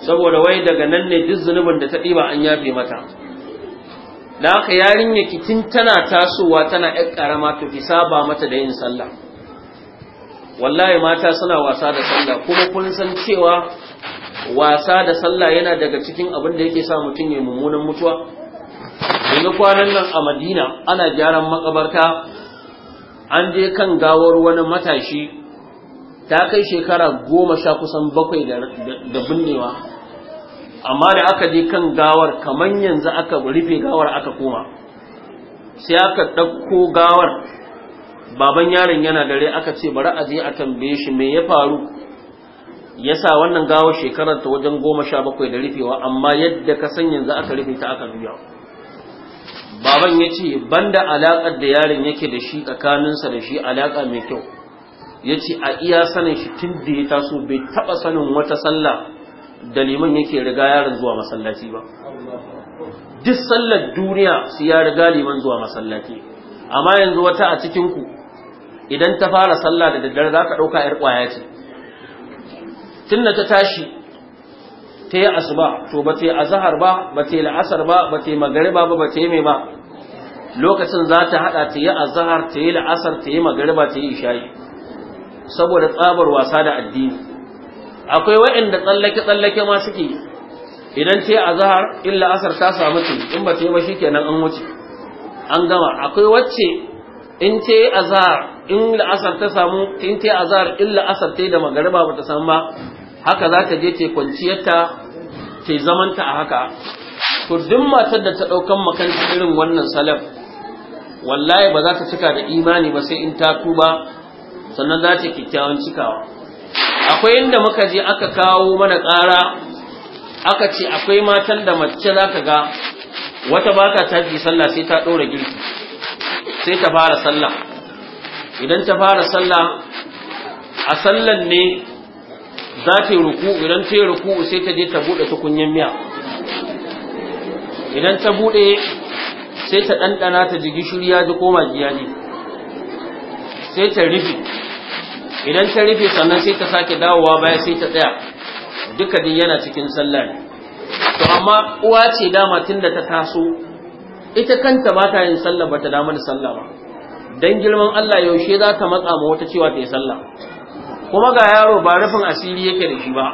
saboda wai daga nan ne duk zunubin da ta ɗiba an yafe mata da haka yarinya kitin tana tasowa tana ƴar ƙarama to ki saba mata da yin sallah wallahi mata suna wasa da sallah kuma kun san cewa wasa da sallah yana daga cikin abin da yake sa mutum ya mummunan mutuwa yanzu kwanan nan a madina ana gyaran makabarta an je kan gawar wani matashi ta kai shekara goma sha kusan bakwai da binnewa amma da aka je kan gawar kamar yanzu aka rufe gawar aka koma sai aka ɗauko gawar baban yaron yana dare aka ce bari a je a tambaye shi me ya faru yasa wannan gawo shekarar ta wajen goma sha bakwai da rufewa amma yadda ka san yanzu aka rufe ta aka juya baban ya ce banda alaƙar da yaron yake da shi tsakaninsa da shi alaƙa mai kyau ya ce a iya sanin shi tun da ya taso bai taɓa sanin wata sallah da liman yake riga yaron zuwa masallaci ba duk sallar duniya su ya riga liman zuwa masallaci amma yanzu wata a cikinku idan ta fara sallah da daddare za ka ɗauka 'yar kwaya ce tunda ta tashi ta yi asuba to ba ta yi azahar ba ba ta yi la'asar ba ba ta yi magariba ba ba ta yi mai ba lokacin za ta haɗa ta yi azahar ta yi la'asar ta yi magariba ta yi ishayi saboda tsabar wasa da addini akwai waɗanda tsallake tsallake ma suke idan ta yi azahar in la'asar ta samu ce in ba ta yi ba kenan an wuce an gama akwai wacce in ce azar in la'asar ta samu in ce azar in la'asar ta da magariba ba ta samu ba haka za ta je ce kwanciyarta ce zamanta a haka to duk matar da ta ɗaukan makanta irin wannan salaf wallahi ba za ta cika da imani ba sai in ta tuba sannan za ta kyakkyawan cikawa akwai inda muka je aka kawo mana ƙara aka ce akwai matan da mace za ka ga wata ba ta tafi sallah sai ta ɗora girki sai ta fara sallah idan ta fara sallah a sallan ne za ta yi ruku idan ta yi ruku sai ta je ta buɗe tukunyen miya idan ta buɗe sai ta ɗanɗana ta jigi shuri ya ji koma giya ne sai ta rufe idan ta rufe sannan sai ta sake dawowa baya sai ta tsaya duka dai yana cikin sallah ne to amma uwa ce dama tun da ta taso ita kanta ba ta yin sallah ba ta dama da sallah ba dan girman Allah yaushe za ta matsa ma wata cewa ta yi sallah kuma ga yaro ba rufin asiri yake da shi ba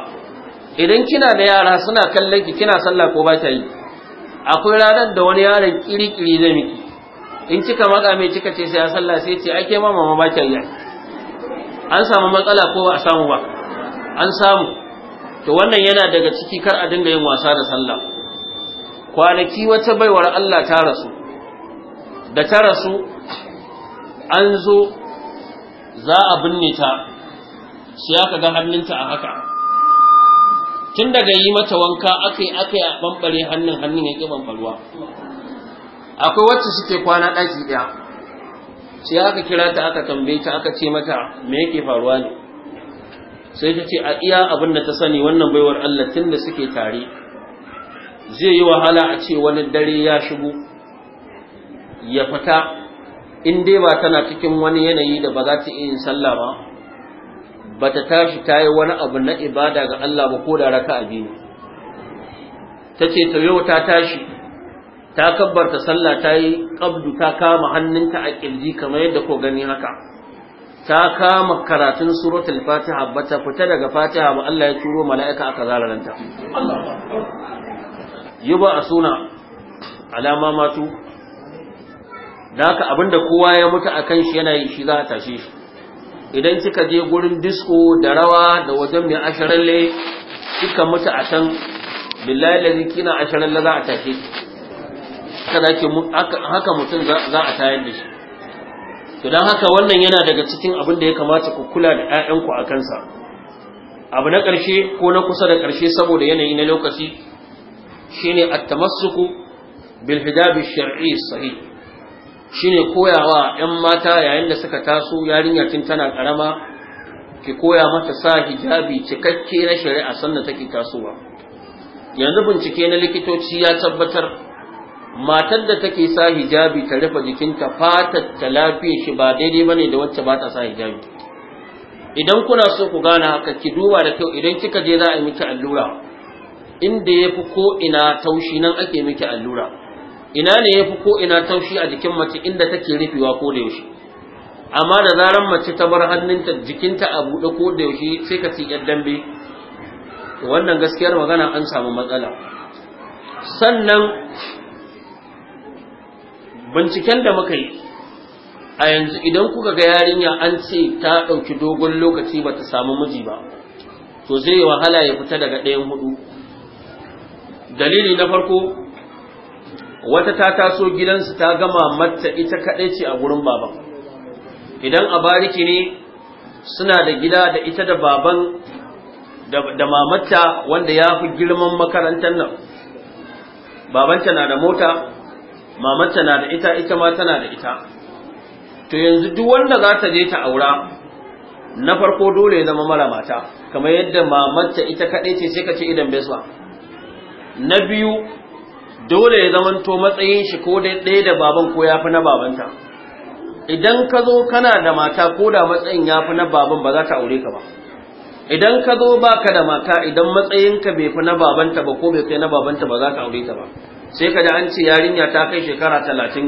idan kina da yara suna kallon ki kina sallah ko ba ta yi akwai ranar da wani yaron kirikiri zai miki in kika matsa mai kika ce sai ya sallah sai ce ake ma mama ba ta yi an samu matsala ko ba a samu ba an samu to wannan yana daga ciki kar a dinga yin wasa da sallah kwanaki wata baiwar Allah ta rasu da ta rasu an zo za a binne ta sai aka ga hannunta a haka tun daga yi mata wanka aka yi aka yi a bambare hannun hannun ya ƙi faruwa akwai wacce suke kwana ɗaki ɗaya sai aka kira ta aka tambaye ta aka ce mata me yake faruwa ne sai ta ce a iya abin da ta sani wannan baiwar Allah tun da suke tare zai yi wahala a ce wani dare ya shigo ya fita in dai ba tana cikin wani yanayi da ba za ta iya sallah ba ba ta tashi ta yi wani abu na ibada ga Allah ba ko da raka a biyu ta ce ta yau ta tashi ta kabbarta sallah ta yi ƙabdu ta kama hannunta a ƙirji kamar yadda ko gani haka ta kama karatun suratul fatiha ba ta fita daga fatiha ba Allah ya turo mala'ika aka zararanta yi ba a suna alama matu da haka abinda kowa ya mutu a kan shi yana yi shi za a tashe shi idan kika je gurin disko da rawa da wajen mai asharalle kika mutu a can billahi na ashirin asharalle za a tashe haka mutum za a tayar da shi to don haka wannan yana daga cikin abin da ya kamata ku kula da 'ya'yanku a kansa abu na ƙarshe ko na kusa da ƙarshe saboda yanayi na lokaci shine at-tamassuku bil hijab ash-shar'i sahih shine koyawa 'yan mata yayin da suka taso yarinya tun tana karama ki koya mata sa hijabi cikakke na shari'a sannan take tasowa yanzu bincike na likitoci ya tabbatar matar da take sa hijabi ta rufe jikinta fatar ta lafiya shi ba daidai bane da wacce ba ta sa hijabi idan kuna so ku gane haka ki duba da kyau idan kika je za a yi miki allura inda ya fi ko ina taushi nan ake miki allura ina ne ya fi ko ina taushi a jikin mace inda take rufewa ko da yaushe amma da zaran mace ta bar hannunta jikinta a buɗe ko da yaushe sai ka ci yar dambe wannan gaskiyar magana an samu matsala sannan binciken da muka yi a yanzu idan kuka ga yarinya an ce ta ɗauki dogon lokaci ba ta samu miji ba to zai wahala ya fita daga ɗayan hudu dalili na farko wata ta taso gidansu ta gama mata ita kaɗai ce a gurin baban idan a bariki ne suna da gida da ita da baban da mamatta wanda ya fi girman makarantar nan babanta na da mota mamatta na da ita ita ma tana da ita to yanzu duk wanda za ta je ta aura na farko dole ya zama mara mata kamar yadda mamatta ita kaɗai ce sai ka ce idan bai na biyu dole ya zamanto matsayin shi ko dai ɗaya da baban ko ya fi na babanta idan ka zo kana da mata ko da matsayin ya fi na baban ba za ta aure ka ba idan ka zo baka da mata idan matsayinka bai fi na babanta ba ko bai kai na babanta ba za ka aure ta ba sai ka da an ce yarinya ta kai shekara talatin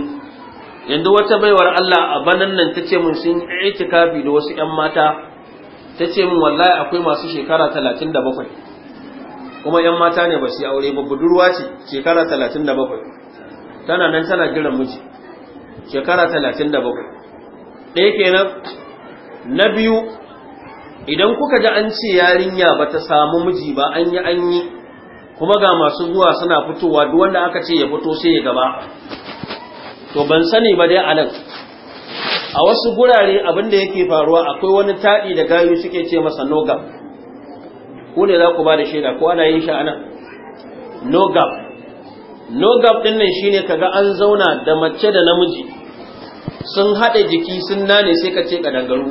yanzu wata baiwar Allah a banan nan ta ce mun sun itikafi da wasu 'yan mata ta ce min wallahi akwai masu shekara talatin da bakwai kuma yan mata ne ba su aure ba budurwa ce shekara 37 tana nan tana jiran miji shekara 37 ɗaya kenan na biyu idan kuka ji an ce yarinya ba ta samu miji ba an yi an yi kuma ga masu zuwa suna fitowa duk wanda aka ce ya fito sai ya gaba to ban sani ba dai anan a wasu gurare abin da yake faruwa akwai wani taɗi da gayu suke ce masa nogam ku ne za ku ba da shaida ko ana yin shi anan no gap no gap din nan shine kaga an zauna da mace da namiji sun haɗa jiki sun nane sai ka ce ka dangaru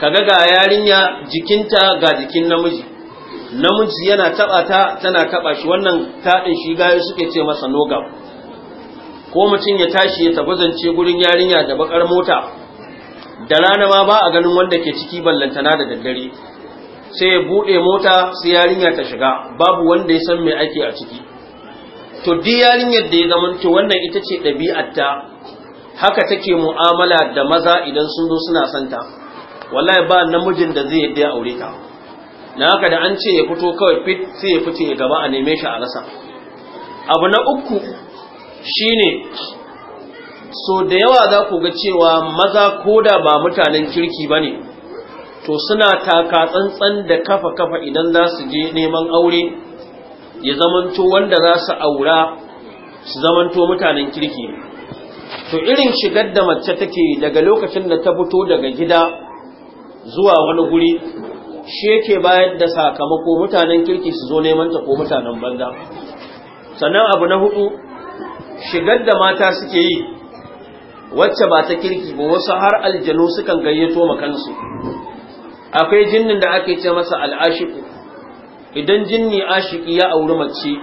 kaga ga yarinya jikinta ga jikin namiji namiji yana taba ta tana taba shi wannan taɗin shi gayo suke ce masa no gap ko mutum ya tashi ya tabazance gurin yarinya da bakar mota da rana ma ba a ganin wanda ke ciki ballantana da daddare sai ya buɗe mota sai yarinya ta shiga babu wanda ya san me ake a ciki to duk yarinyar da ya zama to wannan ita ce ɗabi'arta haka take mu'amala da maza idan sun zo suna santa wallahi ba namijin da zai yadda ya aure ta na haka da an ce ya fito kawai fit sai ya fice ya gaba a neme shi a rasa abu na uku shine so da yawa za ku ga cewa maza ko da ba mutanen kirki ba ne to suna taka tsantsan da kafa kafa idan za su je neman aure ya zamanto wanda za su aura su zamanto mutanen kirki to irin shigar da mace take daga lokacin da ta fito daga gida zuwa wani guri shi yake bayar da sakamako mutanen kirki su zo neman ta ko mutanen banza sannan abu na hudu shigar da mata suke yi wacce ba ta kirki ba wasu har aljanu sukan gayyato makansu akwai jinnin da ake ce masa al'ashiku idan jinni ashiki ya auri mace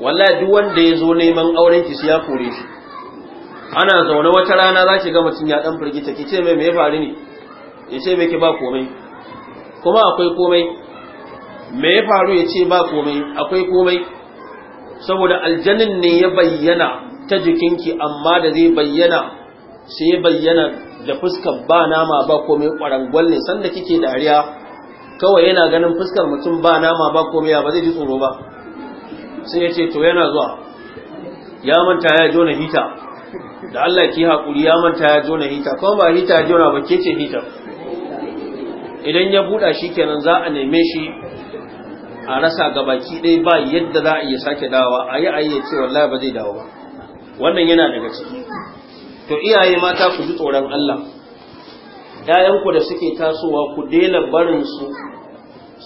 wallahi duk wanda ya zo neman auren ki ya kore shi ana zaune wata rana za ki ga mutum ya dan firgita ki ce mai me faru ne ya ce mai ki ba komai kuma akwai komai me ya faru ya ce ba komai akwai komai saboda aljanin ne ya bayyana ta jikinki amma da zai bayyana sai ya bayyana da fuskar ba nama ba komai ƙwarangwal ne sanda kike dariya kawai yana ganin fuskar mutum ba nama ba komai ba zai ji tsoro ba sai ya ce to yana zuwa ya manta ya jona hita da Allah ki hakuri ya manta ya jona hita kuma ba hita jona ba ke ce hita idan ya buɗa shi kenan za a neme shi a rasa ga baki ɗaya ba yadda za a iya sake dawa a yi a ce wallahi ba zai dawo ba wannan yana daga ciki to iyaye mata ku ji tsoron Allah ‘ya'yanku da suke tasowa ku daina su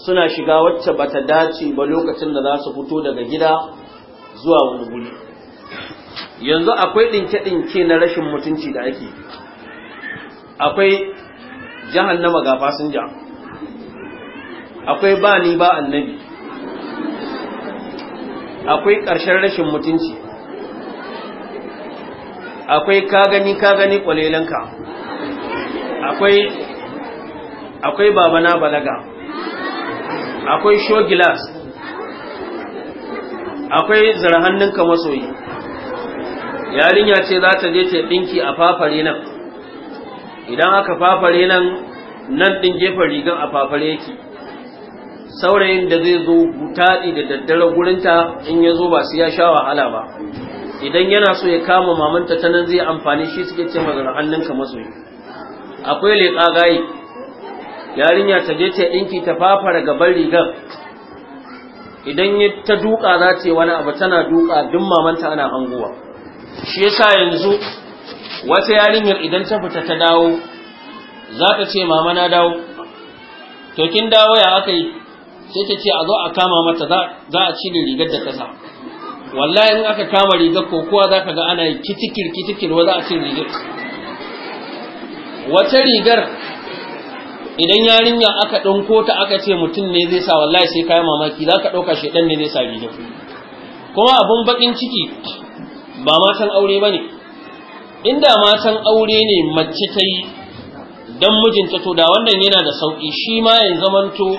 suna shiga wacce bata dace ba lokacin da za su fito daga gida zuwa wani yanzu akwai ɗinke-ɗinke na rashin mutunci da ake akwai jahannama ga fasinja akwai ba ba annabi akwai ƙarshen rashin mutunci akwai ka gani ka gani kwalelanka akwai akwai babana balaga akwai shogilas akwai zara hannunka masoyi yarinya ce za ta je ta ɗinki a fafare nan idan aka fafare nan nan ɗin gefen rigan a fafare yake saurayin da zai zo butaɗi da daddare gurinta in ya zo ba su ya sha wahala ba idan yana so ya kama mamanta ta nan zai amfani shi suke ce mazara hannunka masoyi akwai leƙa gayi yarinya ta je ta ɗinki ta fafara gaban rigar idan ta duka za ta yi wani abu tana duka duk mamanta ana hanguwa shi yasa yanzu wata yarinyar idan ta fita ta dawo za ta ce mama na dawo to kin dawo ya aka yi sai ta ce a zo a kama mata za a cire rigar da ta sa wallahi in aka kama rigar kokowa za ka ga ana yi kitikir kitikir wa za a ce rigar wata rigar idan yarinya aka ɗauko ta aka ce mutum ne zai sa wallahi sai kayan mamaki za ka ɗauka shaidan ne zai sa rigar kuma abun baƙin ciki ba matan aure ba ne inda matan aure ne mace ta yi don mijinta to da wannan yana da sauƙi shi ma ya zamanto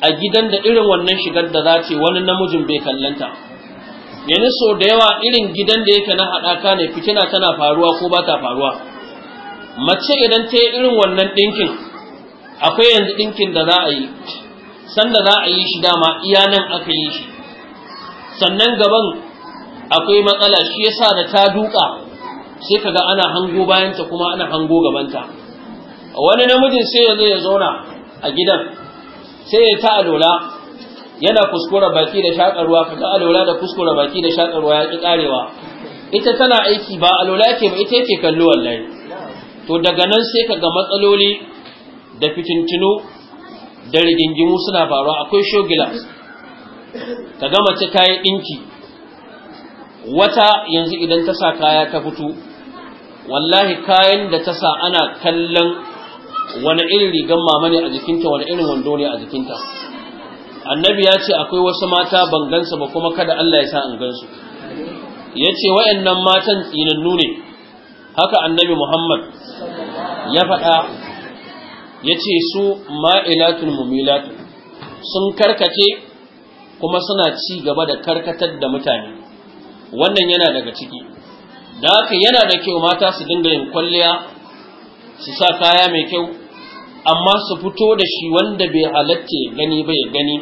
a gidan da irin wannan shigar da za ce wani namijin bai kallanta yanzu so da yawa irin gidan da yake na haɗaka ne fitina tana faruwa ko ba ta faruwa mace idan ta yi irin wannan ɗinkin akwai yanzu ɗinkin da za a yi sanda za a yi shi dama iya nan aka yi shi sannan gaban akwai matsala shi yasa da ta duka sai kaga ana hango bayanta kuma ana hango gabanta wani namijin sai ya zo ya zauna a gidan sai ya ta alola yana kuskura baki da shakarwa kaga alola da kuskura baki da shakarwa ya ki karewa ita tana aiki ba alola yake ba ita yake kallo wallahi to daga nan sai kaga matsaloli da fitintinu da rigingimu suna faruwa akwai shogila kaga mace ta yi dinki wata yanzu idan ta sa kaya ta fito wallahi kayan da ta sa ana kallon wani irin rigan mama ne a jikinta wani irin wando ne a jikinta annabi ya ce akwai wasu mata ban gansu ba kuma kada Allah ya sa in gansu ya ce nan matan tsinannu ne haka annabi Muhammad ya faɗa ya ce su ma'ilatun mumilatun sun karkace kuma suna ci gaba da karkatar da mutane wannan yana daga ciki da haka yana da kyau mata su dinga yin kwalliya su sa kaya mai kyau amma su fito da shi wanda bai halatta gani bai gani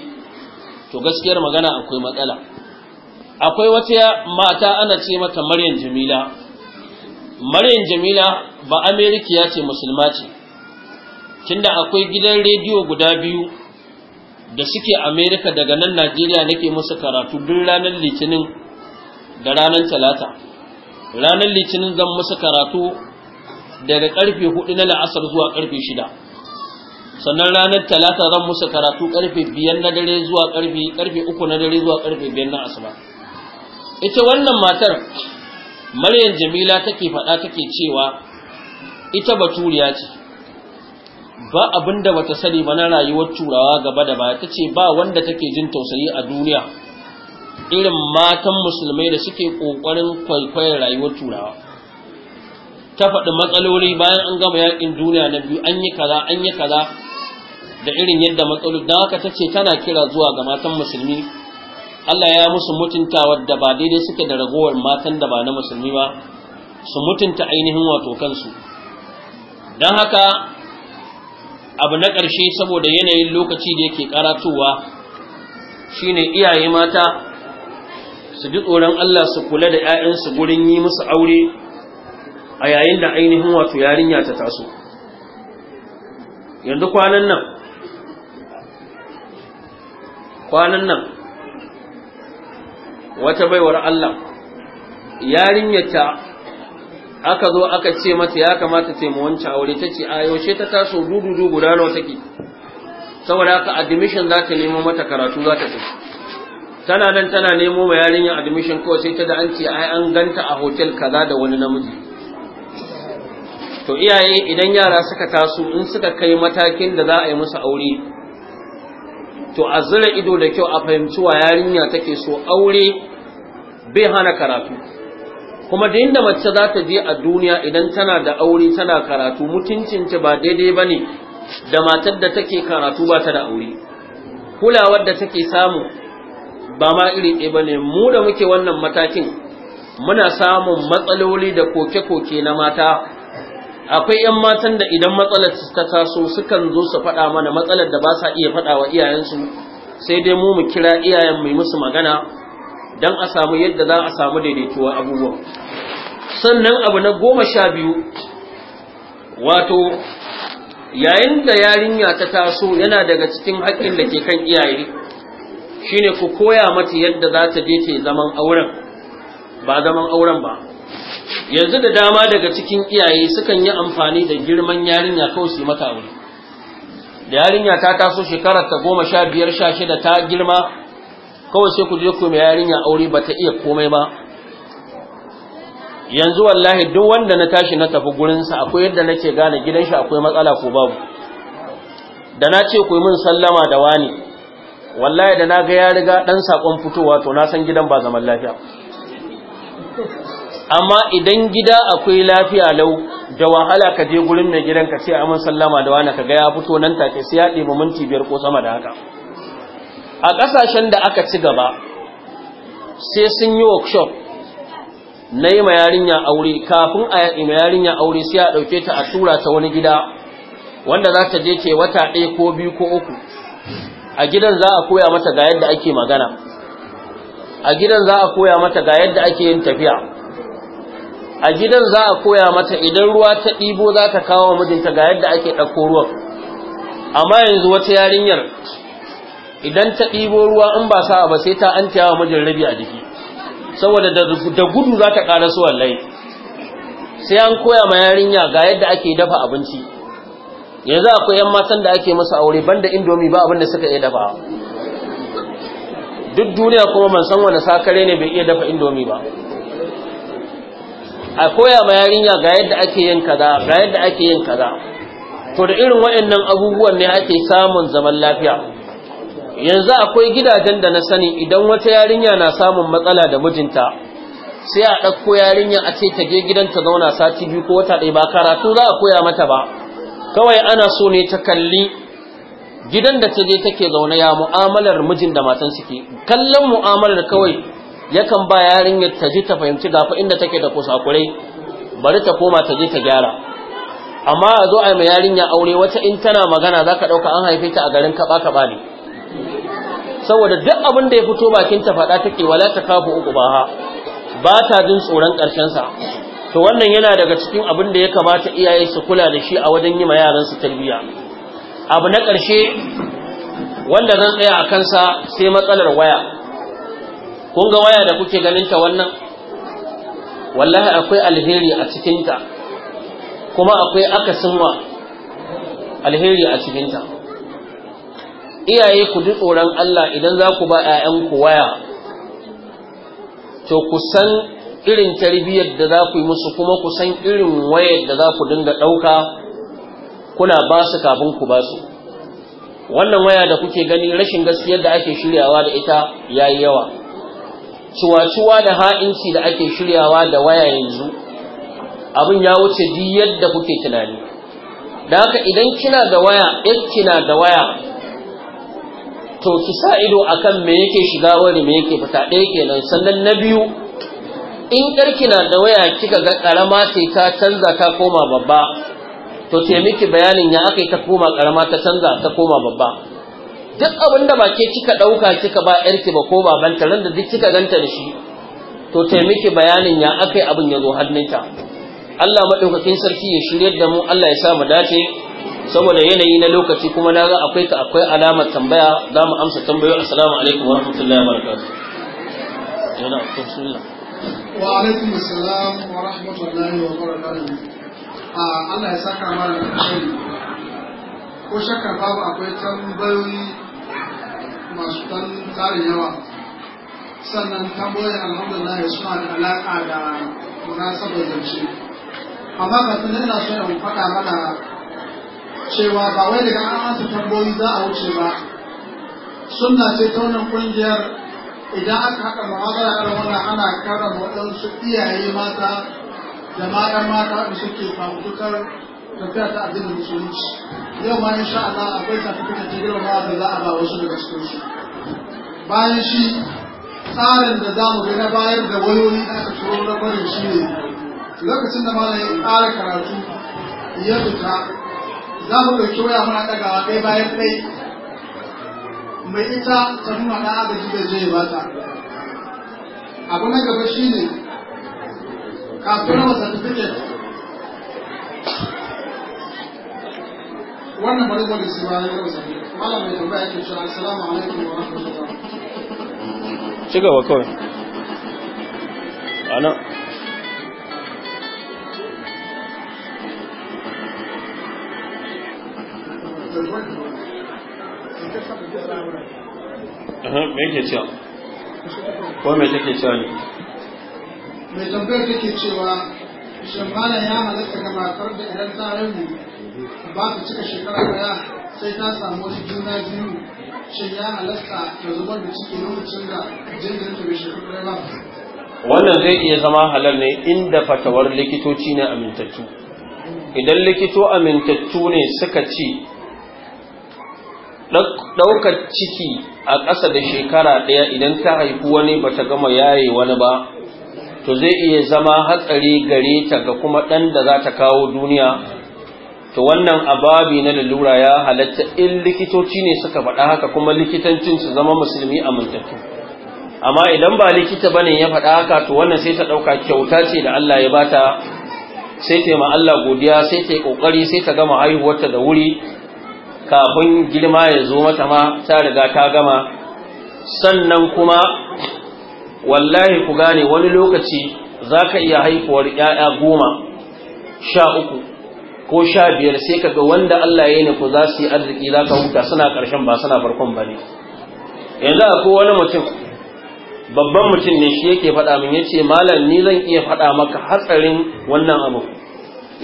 to gaskiyar magana akwai matsala akwai wata mata ana ce mata maryam jamila maryam jamila ba amerikiya ce musulma ce tunda akwai gidan rediyo guda biyu da suke amerika daga nan najeriya nake musu karatu duk ranar litinin da ranar talata ranar litinin zan musu karatu daga karfe hudu na la'asar zuwa karfe shida sannan ranar talata zan musa karatu karfe biyan na dare zuwa karfe karfe uku na dare zuwa karfe biyan na asuba ita wannan matar maryam jamila take faɗa take cewa ita baturiya ce ba abinda da bata sani ba na rayuwar turawa gaba da baya tace ba wanda take jin tausayi a duniya irin matan musulmai da suke ƙoƙarin kwaikwayar rayuwar turawa ta faɗi matsaloli bayan an gama yakin duniya na biyu an yi kaza an yi kaza da irin yadda matsalolin don haka ta ce tana kira zuwa ga matan musulmi Allah ya musu mutunta da ba daidai suke da ragowar matan da ba na musulmi ba su mutunta ainihin wato kansu don haka abu na ƙarshe saboda yanayin lokaci da yake karatowa shine iyaye mata su ji tsoron Allah su kula da 'ya'yansu gurin yi musu aure a yayin da ainihin wato yarinya ta taso yanzu kwanan nan kwanan nan wata baiwar Allah yarinyarta aka zo aka ce mata ya kamata ta mu wancan aure ta ce a yaushe ta taso dududu guda nawa take saboda haka admission za ta nemo mata karatu za ta tafi tana nan tana nemo ma yarinyar admission kawai sai ta da an ce ai an ganta a hotel kaza da wani namiji to iyaye idan yara suka taso in suka kai matakin da za a yi musu aure to a zira ido da kyau a fahimci wa yarinya take so aure bai hana karatu kuma da inda mace za ta je a duniya idan tana da aure tana karatu mutuncinta ba daidai ba ne da matar da take karatu ba ta da aure kulawar da take samu ba ma iri ɗaya ba ne mu da muke wannan matakin muna samun matsaloli da koke-koke na mata akwai 'yan matan da idan matsalar ta taso sukan zo su faɗa mana matsalar da ba sa iya faɗa wa iyayensu sai dai mu mu kira iyayen mai musu magana don a samu yadda za a samu daidaituwar abubuwan sannan abu na goma sha biyu wato yayin da yarinya ta taso yana daga cikin haƙƙin da ke kan iyaye shine ku koya mata yadda za ta je ta zaman auren ba zaman auren ba yanzu da dama daga cikin iyaye sukan yi amfani da girman yarinya kawai su mata aure da yarinya ta taso shekarar ta goma sha biyar sha shida ta girma kawai sai ku je ku mai yarinya aure ba ta iya komai ba yanzu wallahi duk wanda na tashi na tafi gurinsa akwai yadda nake gane gidan shi akwai matsala ko babu da na ce ku yi min sallama da wani wallahi da na ga ya riga dan sakon fitowa to na san gidan ba zaman lafiya amma idan gida akwai lafiya lau da wahala ka je gurin mai gidan ka ce a mun sallama da wani ga, ya fito nan take sai ya ɗebi minti biyar ko sama da haka a ƙasashen da aka ci gaba sai sun yi workshop na yi ma yarinya aure kafin a yi ma yarinya aure sai a ɗauke ta a tura ta wani gida wanda za ta je ce wata ɗaya ko biyu ko uku a gidan za a koya mata ga yadda ake magana a gidan za a koya mata ga yadda ake yin tafiya a gidan za a koya mata idan ruwa ta ɗibo za ta kawo mijinta ga yadda ake ɗauko ruwan amma yanzu wata yarinyar idan ta ɗibo ruwa in ba sa'a ba sai ta an wa mijin rabi a jiki saboda da gudu za ta ƙara su wallahi sai an koya ma yarinya ga yadda ake dafa abinci yanzu akwai yan matan da ake masa aure banda indomi ba abin da suka iya dafa duk duniya kuma man san wani sakare ne bai iya dafa indomi ba a koya ma yarinya ga yadda ake yin kaza ga yadda ake yin kaza to da irin waɗannan abubuwan ne ake samun zaman lafiya yanzu akwai gidajen da na sani idan wata yarinya na samun matsala da mijinta sai a ɗauko yarinya a ce ta je gidan ta zauna sati biyu ko wata ɗaya ba karatu za a koya mata ba kawai ana so ne ta kalli gidan da ta je take zaune ya mu'amalar mijin da matan suke kallon mu'amalar kawai yakan ba yarinyar ta ji ta fahimci gafa inda take da kusakurai bari ta koma ta je ta gyara amma a zo a mai yarinya aure wata in tana magana za ka ɗauka an haife ta a garin kaɓa-kaɓa ne saboda duk abin da ya fito bakin ta faɗa take wala ta kafu uku ba ha ba ta jin tsoron sa. to wannan yana daga cikin abin da ya kamata iyaye su kula da shi a wajen yi ma su tarbiyya abu na ƙarshe wanda zan tsaya a kansa sai matsalar waya kun ga waya da kuke ganin ta wannan wallahi akwai alheri a cikinta kuma akwai akasin wa alheri a cikinta iyaye ku ji tsoron Allah idan za ku ba 'ya'yanku waya to ku san irin tarbiyyar da za ku yi musu kuma ku san irin wayar da za ku dinga ɗauka kuna ba su kafin ku ba su wannan waya da kuke gani rashin gaskiyar da ake shiryawa da ita yayi yawa cuwa-cuwa da ha'inci da ake shiryawa da waya yanzu abin ya wuce duk yadda kuke tunani da haka idan kina da waya in kina da waya to ki sa ido akan me yake shiga wani me yake fita ɗaya kenan sannan na biyu in na da waya kika ga karama ce ta canza ta koma babba to te miki bayanin ya aka ta koma ƙarama ta canza ta koma babba duk abin da ba ke kika ɗauka kika ba ‘yarki ba ko babanta ran da duk kika ganta da shi to taimaki bayanin ya yi abin ya zo hannunta Allah maɗaukakin sarki ya shirya da mu Allah ya sa mu dace saboda yanayi na lokaci kuma na ga akwai ka akwai alamar tambaya za mu amsa tambayo assalamu alaikum wa rahmatullahi wa barakatuh yana bismillah wa alaikum assalam wa rahmatullahi wa barakatuh ah, Allah ya saka mana alheri ko shakka babu akwai tambayoyi masu ɗan tsarin yawa sannan tambayoyin alhamdulillah ya suna da alaƙa da munasabar zance amma ka nan ina so faɗa mana cewa ba wai daga an ansa tamboyi za a wuce ba sunna ce ta ƙungiyar idan aka haɗa ma'azara a wannan ana karrama waɗansu iyaye mata da ma'an mata da suke fafutukar tafiya ta addinin musulunci yau ma insha Allah akwai tafiya ta girmama da za a ba wasu daga cikin su bayan shi tsarin da za mu ga na bayar da wayoyi da aka turo na barin shi ne lokacin da malam ya ƙara karatu ya fita za mu ɗauki waya muna ɗagawa ɗaya bayan ɗai mai ita ta nuna ɗan agaji da ba ta. abu na gaba shi ne kafin rama certificate wannan bari wani su bayan yau zai malam mai tambaya yake cewa assalamu alaikum wa rahmatullah ci gaba kawai ana me ke cewa ko me take cewa ne mai tambayar take cewa shin malam ya halatta ga matar da idan ta mu. ba cika shekara daya sai ta samu wasu juna biyu shin ya halatta da ciki lokacin da ta bai wannan zai iya zama halal ne inda fatawar likitoci ne amintattu idan likito amintattu ne suka ce ɗaukar ciki a ƙasa da shekara ɗaya idan ta haifu wani ba ta gama yaye wani ba to zai iya zama hatsari gare ta ga kuma ɗan da za ta kawo duniya to wannan ababi na lalura ya halatta in likitoci ne suka faɗa haka kuma likitancin su zama musulmi amintattu amma idan ba likita bane ya faɗa haka to wannan sai ta ɗauka kyauta ce da Allah ya bata sai ta yi ma Allah godiya sai ta yi ƙoƙari sai ta gama haihuwarta da wuri kafin girma ya zo mata ma ta riga ta gama sannan kuma wallahi ku gane wani lokaci za ka iya haihuwar ‘ya'ya goma sha uku ko sha biyar sai kaga wanda Allah ya yi nufi za su yi arziki za ka huta suna ƙarshen ba suna farkon ba ne yanzu a ko wani mutum babban mutum ne shi yake faɗa min ya ce malam ni zan iya faɗa maka hatsarin wannan abu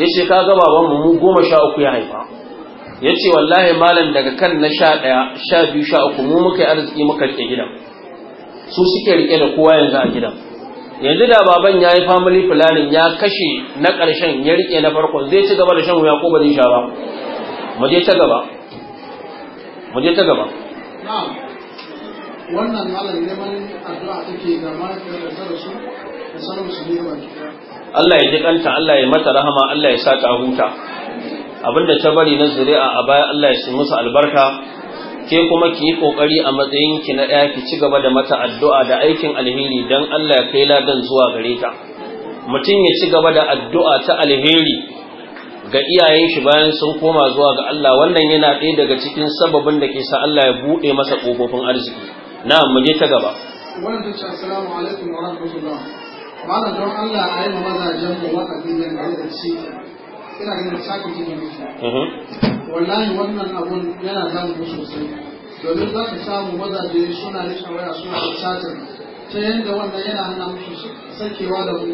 ya ce ka ga babanmu mu goma sha uku ya haifa ya ce wallahi malam daga kan na sha ɗaya sha biyu sha uku mu muka yi arziki muka riƙe gidan su suke rike da kowa yanzu a gidan yanzu da baban ya yi family planning ya kashe na ƙarshen ya riƙe na farko, zai ci gaba da shan wuya ko ba zai sha ba mu je ta gaba mu je ta gaba wannan malam neman addu'a take ga mahaifiyar da su da da su ne ba Allah ya ji kanta Allah ya mata rahama Allah ya sa ta huta abinda ta bari na zuri'a a baya Allah ya yi musu albarka ke kuma ki yi kokari a matsayin ki na ɗaya ki ci gaba da mata addu'a da aikin alheri dan Allah ya kai ladan zuwa gare ta mutum ya ci gaba da addu'a ta alheri ga iyayen shi bayan sun koma zuwa ga Allah wannan yana ɗaya daga cikin sababin da ke sa Allah ya buɗe masa ƙofofin arziki na'am mu je ta gaba wannan tace assalamu alaikum wa rahmatullah malam don Allah mazajen mu wa'azin nan da ci ina ganin sake jini ne mhm. wallahi wannan abun yana damu mu sosai domin za ka samu mazaje suna riƙe waya suna chatin ta yadda wannan yana hana musu sakewa da mu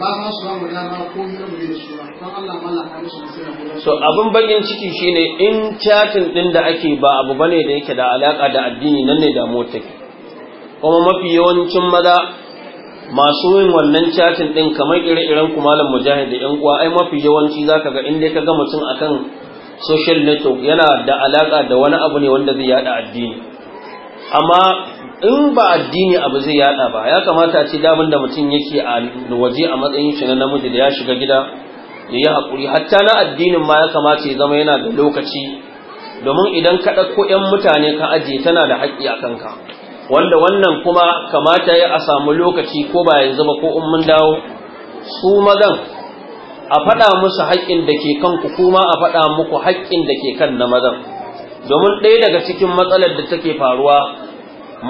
ba ma su mu dama ko mu da su ba. don Allah mala ka musu nasiha so abin bakin ciki shine in chatin din da ake ba abu bane da yake da alaka da addini nan ne da mota kuma mafi yawancin maza masu yin wannan chatin din kamar ire-iren ku malam mujahid da yan uwa ai mafi yawanci zaka ga inda ka ga mutum akan social network yana da alaka da wani abu ne wanda zai yada addini amma in ba addini abu zai yada ba ya kamata ce damin da mutum yake a waje a matsayin shi na namiji da ya shiga gida ya yi haƙuri hatta na addinin ma ya kamata ya zama yana da lokaci domin idan ka ɗauko 'yan mutane ka ajiye tana da haƙƙi a kanka wanda wannan kuma kamata ya a samu lokaci ko ba yanzu ba ko in mun dawo su mazan a faɗa musu haƙƙin da ke kanku kuma a faɗa muku haƙƙin da ke kan na mazan domin ɗaya daga cikin matsalar da take faruwa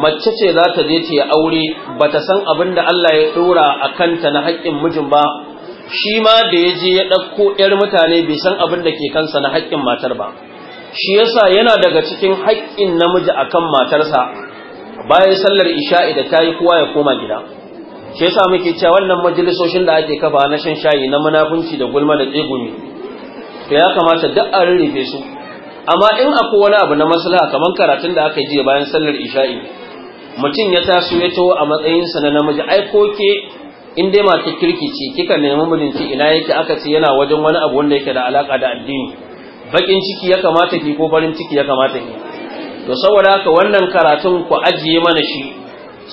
mace ce za ta je ta yi aure ba ta san abin da Allah ya ɗora a kanta na haƙƙin mijin ba shi ma da ya je ya ɗauko 'yar mutane bai san abin da ke kansa na haƙƙin matar ba shi yasa yana daga cikin haƙƙin namiji akan matarsa bayan sallar isha'i da ta yi kowa ya koma gida shi yasa muke cewa wannan majalisoshin da ake kafa na shan shayi na munafunci da gulma da tsegumi to ya kamata duk a rurrufe su amma in akwai wani abu na maslaha kamar karatun da aka jiya bayan sallar isha'i mutum ya taso ya taho a matsayinsa na namiji ai ko ke in dai masu kirki ce kika nemi mijinki ina yake aka ce yana wajen wani abu wanda yake da alaka da addini bakin ciki ya kamata ki ko farin ciki ya kamata ki to saboda haka wannan karatun ku ajiye mana shi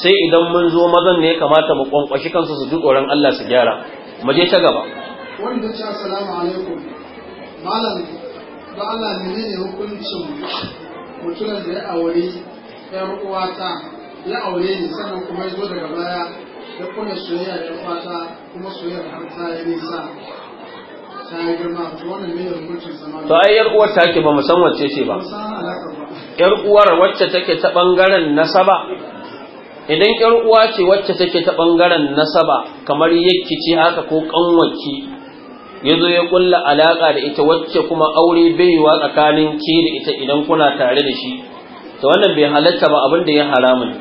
sai idan mun zo mazan ne kamata mu kwankwashi kansu su ji tsoron Allah su gyara mu je ta gaba wanda ce assalamu alaikum malam ba Allah menene hukuncin mutumin da ya aure yar uwata ya aure ne sannan kuma ya zo daga baya ya kuma soyayya da fata kuma soyayya har ta yi nisa to ai yar uwar take ba musan wacce ce ba yar uwar wacce take ta bangaren nasaba idan yar uwa ce wacce take ta bangaren nasaba kamar yake ce haka ko kanwaki yazo ya kulla alaka da ita wacce kuma aure baiwa tsakanin ki da ita idan kuna tare da shi to wannan bai halatta ba abin da ya haramun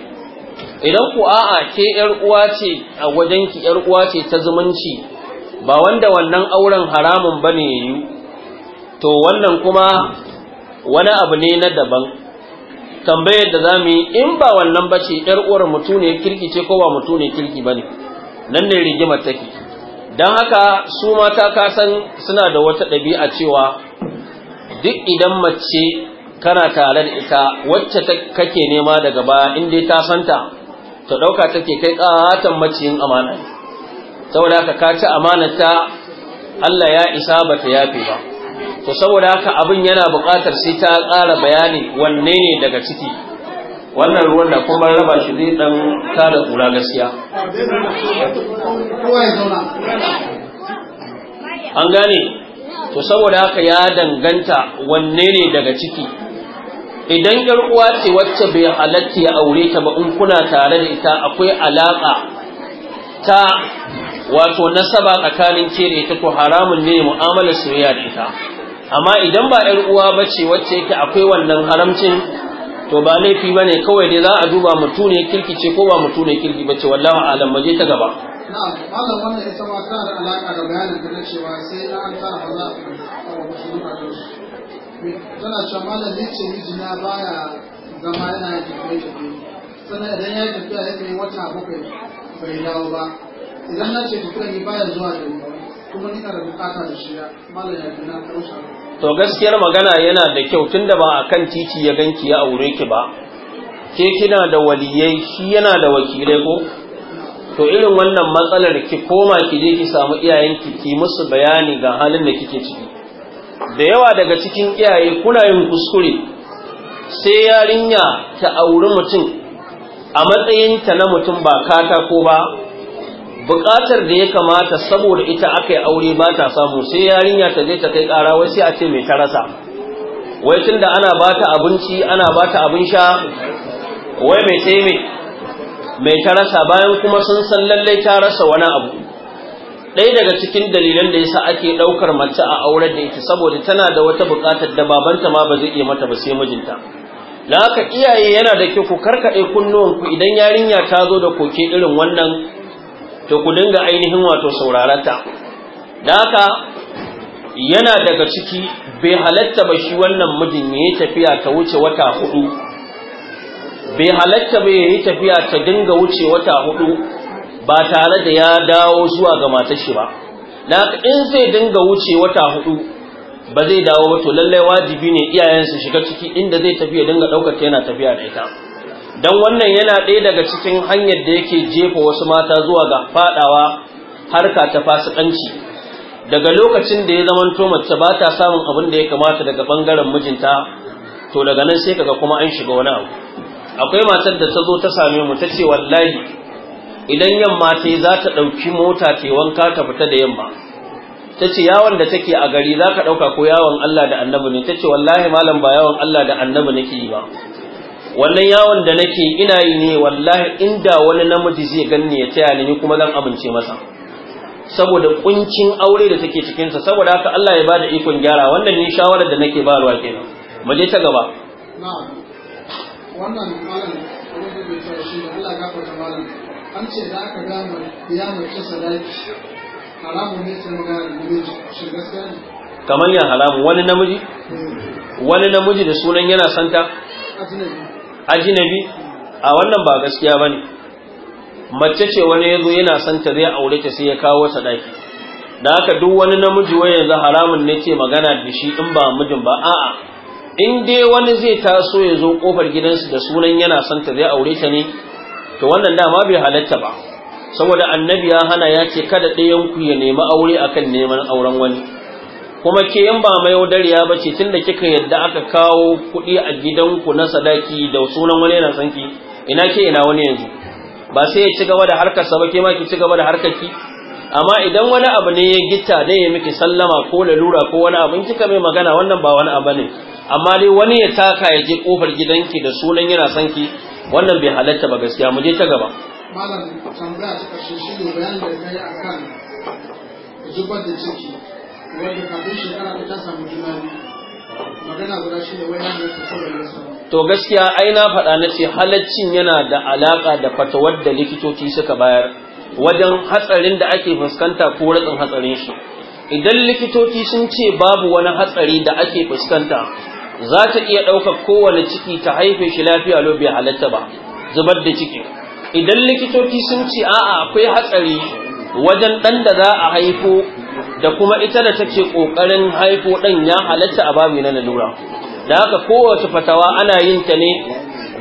idan ku a'a ke yar uwa ce a wajen ki yar uwa ce ta zumunci ba wanda wannan auren haramun ba ne yi to wannan kuma wani abu ne na daban tambayar da za mu yi in ba wannan ba ce ‘yar uwar mutu ne kirki ce ko ba mutu ne kirki ba ne nan ne rigimar take don haka su mata kasan suna da wata ɗabi'a cewa duk idan mace kana tare da ita wacce kake nema daga baya in dai ta santa ta ɗauka take kai ƙatan maciyin amana ne saboda haka ka ci amanata Allah ya isa ba ta yafe ba to saboda haka abin yana buƙatar sai ta ƙara bayani wanne ne daga ciki wannan ruwan da kuma raba shi zai dan tada gaskiya an gane to saboda haka ya danganta wanne ne daga ciki idan ‘yar uwa ce wacce bai halatta ya aure ta ba in kuna tare da ita akwai alaƙa ta wato nasaba tsakanin ke da ita to haramun ne mu'amalar soyayya da ita amma idan ba ƴar uwa ba ce wacce yake akwai wannan haramcin to ba laifi ba ne kawai dai za a duba mutu ne kirki ce ko ba mutu ne kirki bace wallahi alam maje ta gaba na'am Allah wannan ita ma tana da alaka da bayanin da cewa sai an tara Allah tana cewa malam ne ce mijina baya zama yana tafiye tafiye sannan idan ya tafiya ya kai wata bakwai bai dawo ba idan na ce mutum ne baya zuwa da kuma ina da bukata da shi malam ya na kausa to gaskiyar magana yana da kyau tunda ba a kan titi ya ganki ya aure ki ba ke kina da waliyai shi yana da wakilai ko to irin wannan matsalar ki koma ki je ki samu iyayenki ki musu bayani ga halin da kike ciki da yawa daga cikin iyaye kuna yin kuskure sai yarinya ta auri mutum a matsayinta na mutum ba kata ko ba Bukatar da ya kamata saboda ita aka yi aure ba ta samu sai yarinya ta je ta kai ƙara wai sai a ce mai ta rasa wai tun da ana ba ta abinci ana ba ta abin sha wai mai sai mai mai ta rasa bayan kuma sun san lallai ta rasa wani abu ɗaya daga cikin dalilan da yasa ake ɗaukar mace a auren da ita saboda tana da wata buƙatar da babanta ma ba zai iya mata ba sai mijinta da haka iyaye yana da kyau ku karkaɗe kunnuwanku idan yarinya ta zo da koke irin wannan to ku dinga ainihin wato saurarata da haka yana daga ciki bai halatta ba shi wannan mijin ya yi tafiya ta wuce wata hudu bai halatta ba ya yi tafiya ta dinga wuce wata hudu ba tare da ya dawo zuwa ga mata shi ba da haka in zai dinga wuce wata hudu ba zai dawo ba to lallai wajibi ne iyayensa shiga ciki inda zai tafiya dinga ɗaukar yana tafiya da ita don wannan yana ɗaya daga cikin hanyar da yake jefa wasu mata zuwa ga faɗawa harka ta fasikanci daga lokacin da ya zamanto mace ba ta samun abin da ya kamata daga ɓangaren mijinta to daga nan sai kaga kuma an shiga wani abu akwai matar da ta zo ta same mu ta ce wallahi idan yamma ta yi za ta ɗauki mota ta wanka ta fita da yamma ta ce yawon da take a gari za ka ɗauka ko yawon Allah da annabi ne ta ce wallahi malam ba yawon Allah da annabi nake yi ba wannan yawon da nake ina yi ne wallahi inda wani namiji zai ganni ya taya ni kuma zan amince masa saboda kuncin aure da take cikin sa saboda haka Allah ya bada ikon gyara wannan ne shawarar da nake bayarwa kenan mu je ta gaba na'am wannan malam wani da shi Allah ya gafarta malam an ce da aka ga mu ya mace sadaki haramun ne ta magana da miji shi gaskiya ne kamar ya haramu wani namiji hmm. wani namiji da sunan yana santa ajinabi a wannan ba gaskiya bane mace ce wani yazo yana son ta zai aure ta sai ya kawo ta daki da haka duk wani namiji wai yanzu haramun ne ce magana da shi in ba mijin ba a'a in dai wani zai taso ya zo kofar gidansu da sunan yana son ta zai aure ta ne to wannan dama bai halatta ba saboda annabi ya hana ya ce kada ɗayan ku ya nemi aure akan neman auren wani kuma ke yan ba mai wadariya ba ce tun da kika yadda aka kawo kuɗi a gidanku na sadaki da sunan wani yana sanki ina ke ina wani yanzu ba sai ya ci gaba da harkar sa ba ke ma ki ci gaba da harkar ki amma idan wani abu ne ya gitta dan ya miki sallama ko lalura ko wani abu in kika mai magana wannan ba wani abu ne amma dai wani ya taka ya je kofar gidanki da sunan yana sanki wannan bai halatta ba gaskiya mu je ta gaba malam tambaya ta ƙarshe shi ne bayan da ya yi akan zubar da ciki to gaskiya ai na faɗa na ce halaccin yana da alaƙa da fatawar da likitoci suka bayar wajen hatsarin da ake fuskanta ko ratsin hatsarin shi idan likitoci sun ce babu wani hatsari da ake fuskanta za ta iya ɗaukar kowane ciki ta haife shi lafiya lo bai halatta ba zubar da ciki idan likitoci sun ce a'a akwai hatsari wajen ɗan da za a haifo da kuma ita da take kokarin haifo dan ya halatta a babu na lalura da haka kowace fatawa ana yin ta ne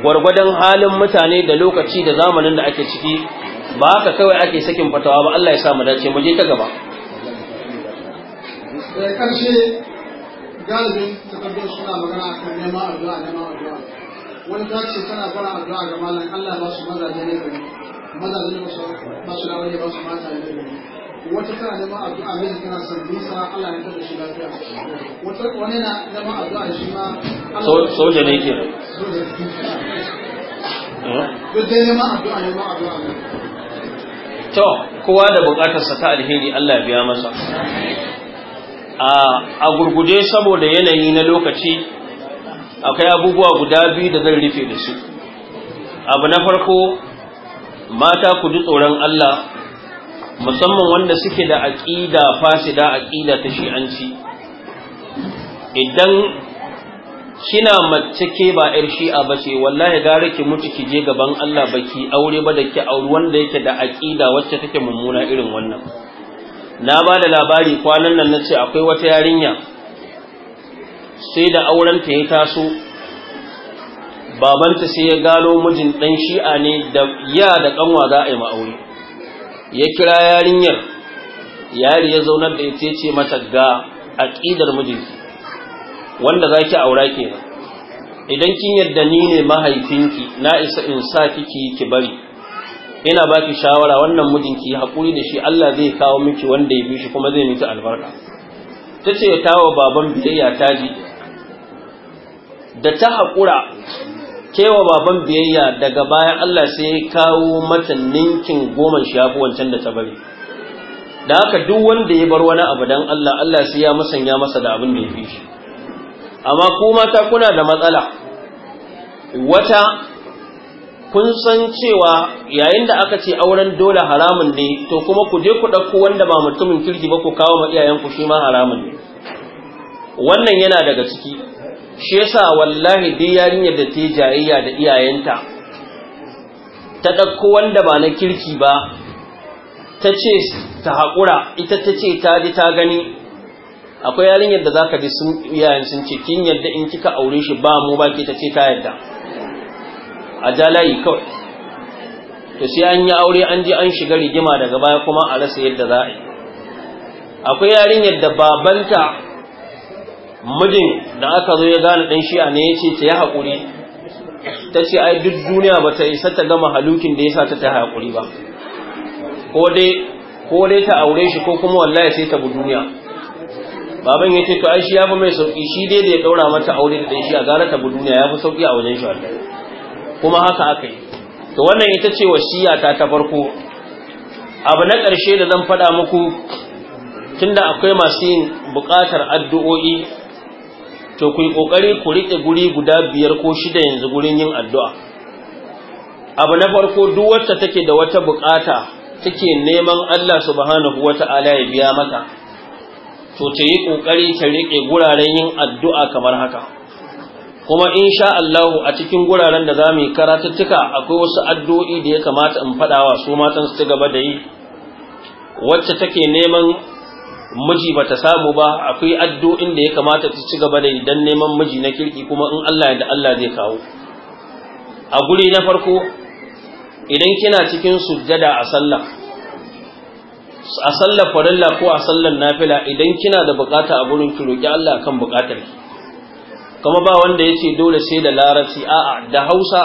gwargwadon halin mutane da lokaci da zamanin da ake ciki ba haka kawai ake sakin fatawa ba Allah ya sa mu dace mu je ta gaba da karshe galibin takardun suna magana akan neman addu'a neman addu'a wani ta ce tana fara addu'a ga malam Allah ba su mazaje ne gari mazaje ne ba su ba su da wani ba su mata ne gari wata tana neman addu'a miji tana son nisa Allah ya tabbata shi lafiya wata wani na neman addu'a shi ma soja ne ke eh? duk dai neman addu'a neman addu'a to kowa da bukatarsa ta alheri Allah ya biya masa a gurgude saboda yanayi na lokaci akwai abubuwa guda biyu da zan rufe da su abu na farko mata ku ji tsoron Allah musamman wanda suke da aƙida fasida aƙida ta shi'anci idan kina mace ke ba yar shi'a ba ce wallahi gara ki mutu ki je gaban Allah ba ki aure ba da ki aure, wanda yake da aƙida wacce take mummuna irin wannan na ba da labari kwanan nan na ce akwai wata yarinya sai da aurenta ya taso babanta sai ya gano mijin ɗan shi'a ne da ya da ƙanwa za a yi ma aure ya kira yarinyar yari ya zaunar da ita ce mata ga aqidar mijinki wanda zaki aura kenan idan kin yadda ni ne mahaifinki na isa in sa kiki ki bari ina baki shawara wannan mijinki hakuri da shi Allah zai kawo miki wanda ya bi shi kuma zai miki albarka tace tawa baban biyayya taji da ta haƙura kewa baban biyayya daga bayan Allah sai ya kawo mata ninkin goma shi wancan da ta bari da haka duk wanda ya bar wani abu dan Allah Allah sai ya musanya masa da abin da ya fi shi amma ku mata kuna da matsala wata kun san cewa yayin da aka ce auren dole haramun ne to kuma ku je ku ɗauko wanda ba mutumin kirki ba ku kawo ma iyayenku shi ma haramun ne wannan yana daga ciki shi yasa wallahi dai yarinyar da ta yi jayayya da iyayenta ta ɗauko wanda ba na kirki ba ta ce ta haƙura ita ta ce ta ji ta gani akwai yarinyar da zaka ji sun iyayen sun ce kin yadda in kika aure shi ba mu ba ki ta ce ta yadda a kawai to sai an yi aure an je an shiga rigima daga baya kuma a rasa yadda za yi akwai yarinyar da babanta mijin da aka zo ya gane dan shi'a ne ya ce ta yi haƙuri ta ce ai duk duniya ba ta isa ta gama halukin da ya sa ta ta haƙuri ba ko dai ta aure shi ko kuma wallahi sai ta bu duniya baban ya ce to ai shi ya fi mai sauƙi shi dai da ya ɗaura mata aure da ɗan shi'a gara ta bu duniya ya fi sauƙi a wajen shi wallahi kuma haka aka yi to wannan ita ce wasiya ta ta farko abu na ƙarshe da zan faɗa muku tunda akwai masu yin buƙatar addu'o'i to ku yi ƙoƙari ku riƙe guri guda biyar ko shida yanzu gurin yin addu'a abu na farko duk wacce take da wata buƙata take neman Allah subhanahu wata'ala ya biya mata to ta yi ƙoƙari ta riƙe guraren yin addu'a kamar haka kuma insha Allahu a cikin guraren da za mu yi karatuttuka akwai wasu addu'o'i da ya kamata in faɗawa su matan su ci gaba da yi wacce take neman miji ba ta samu ba akwai addu'in inda ya kamata ta ci gaba da idan neman miji na kirki kuma in Allah ya da Allah zai kawo a guri na farko idan kina cikin sujjada a sallah a sallar farilla ko a sallar nafila idan kina da bukata a gurin ki roki Allah kan bukatar ki kuma ba wanda yake dole sai da larabci a'a da Hausa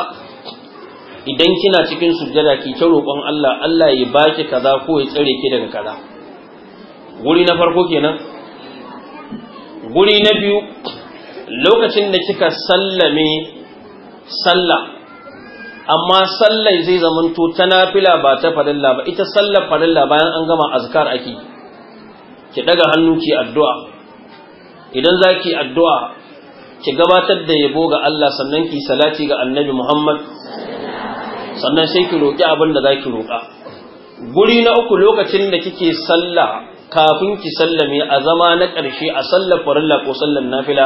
idan kina cikin sujjada ki ta roƙon Allah Allah ya baki kaza ko ya tsare ki daga kaza guri na farko kenan guri na biyu lokacin da kika sallame sallah amma sallar zai zamanto ta nafila ba ta farilla ba ita sallar faralla bayan an gama azkar ake ki daga hannu ki addu'a idan za ki addu'a ki gabatar da yabo ga Allah sannan ki salati ga annabi Muhammad sannan sai ki roƙi abin da za ki roƙa guri na uku lokacin da kike sallah kafin ki sallame a zama na ƙarshe a sallar farilla ko sallar nafila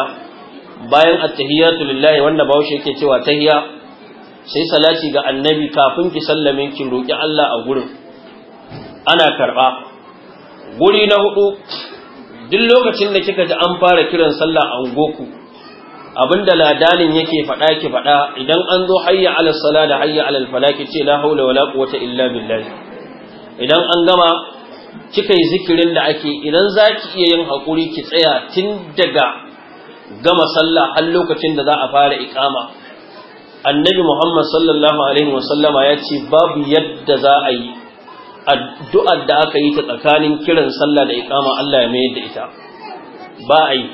bayan attahiyatu lillahi wanda bawashi yake cewa tahiya sai salati ga annabi kafin ki sallame ki roki Allah a gurin ana karba guri na hudu duk lokacin da kika ji an fara kiran sallah an goku abinda ladanin yake faɗa ki faɗa idan an zo hayya ala sala da hayya ala falaki ce la haula wala quwwata illa billah idan an gama kika yi zikirin da ake idan za ki iya yin haƙuri ki tsaya tun daga gama sallah har lokacin da za a fara iƙama annabi muhammad sallallahu alaihi wasallama ya ce babu yadda za a yi addu'ar da aka yi ta tsakanin kiran sallah da iƙama allah ya mayar da ita ba a yi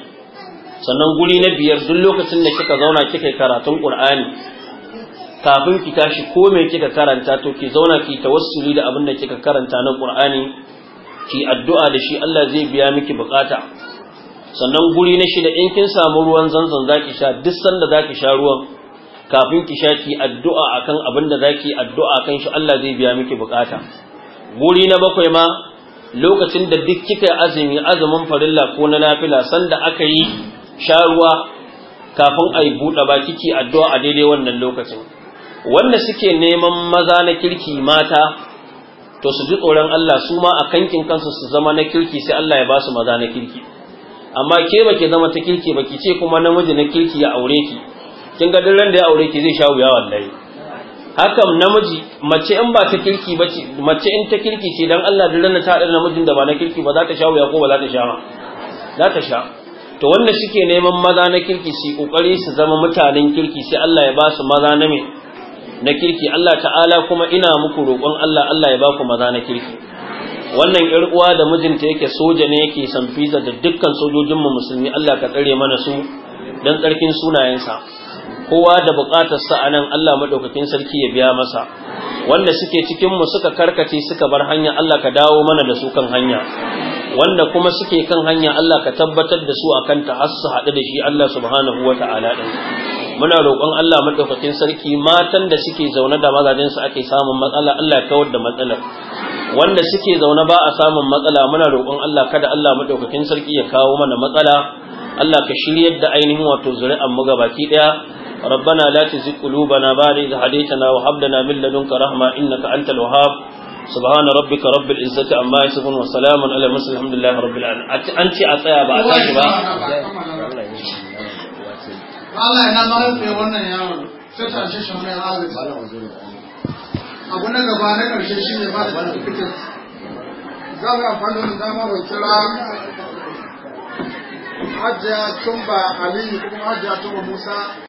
sannan guri na biyar duk lokacin da kika zauna kika yi karatun ƙur'ani kafin ki tashi ko me kika karanta to ki zauna ki tawassuli da abin da kika karanta na Qur'ani ki addu'a da shi Allah zai biya miki bukata sannan guri na shida in kin samu ruwan zanzan zaki sha duk sanda zaki sha ruwan kafin ki sha ki addu'a akan abin da zaki addu'a kan shi Allah zai biya miki bukata guri na bakwai ma lokacin da duk kika yi azumi azumin farilla ko na nafila sanda aka yi sha ruwa kafin a yi buɗe ba ki addu'a a daidai wannan lokacin wanda suke neman maza na kirki mata to su ji tsoron Allah su ma a kankin kansu su zama na kirki sai Allah ya ba su maza na kirki amma ke ba ke zama ta kirki ba ki ce kuma namiji na kirki ya aure ki kin ga ran da ya aure ki zai sha wuya wallahi haka namiji mace in ba ta kirki ba ce mace in ta kirki ce dan Allah duk ran ta da namijin da ba na kirki ba za ta sha wuya ko ba za ta sha ba za ta sha to wanda suke neman maza na kirki su kokari su zama mutanen kirki sai Allah ya ba su maza na mai na kirki Allah ta'ala kuma ina muku roƙon Allah Allah ya ba ku maza na kirki wannan yar uwa da mijinta yake soja ne yake samfiza da dukkan sojojin mu musulmi Allah ka tsare mana su dan tsarkin sunayensa kowa da buƙatar sa anan Allah madaukakin sarki ya biya masa wanda suke cikin mu suka karkace suka bar hanya Allah ka dawo mana da su kan hanya wanda kuma suke kan hanya Allah ka tabbatar da su akan ta har su haɗu da shi Allah subhanahu wata'ala din muna roƙon Allah maɗaukakin sarki matan da suke zaune da mazajen su ake samun matsala Allah ya kawar da matsalar wanda suke zaune ba a samun matsala muna roƙon Allah kada Allah maɗaukakin sarki ya kawo mana matsala Allah ka shiryar da ainihin wato zuri'an mu gabaki daya ربنا لا تزغ قلوبنا بعد إذ هديتنا وهب لنا من لدنك رحمة إنك أنت الوهاب سبحان ربك رب العزة عما يصفون وسلام على المرسلين الحمد لله رب العالمين أنت أتايا بعد Allah yana marar da wannan yawon sai tashe shi mai arziki abu na gaba na ƙarshe shi ne ba da certificate za mu amfani da dama mai kira hajjiya tumba aliyu kuma hajjiya tumba musa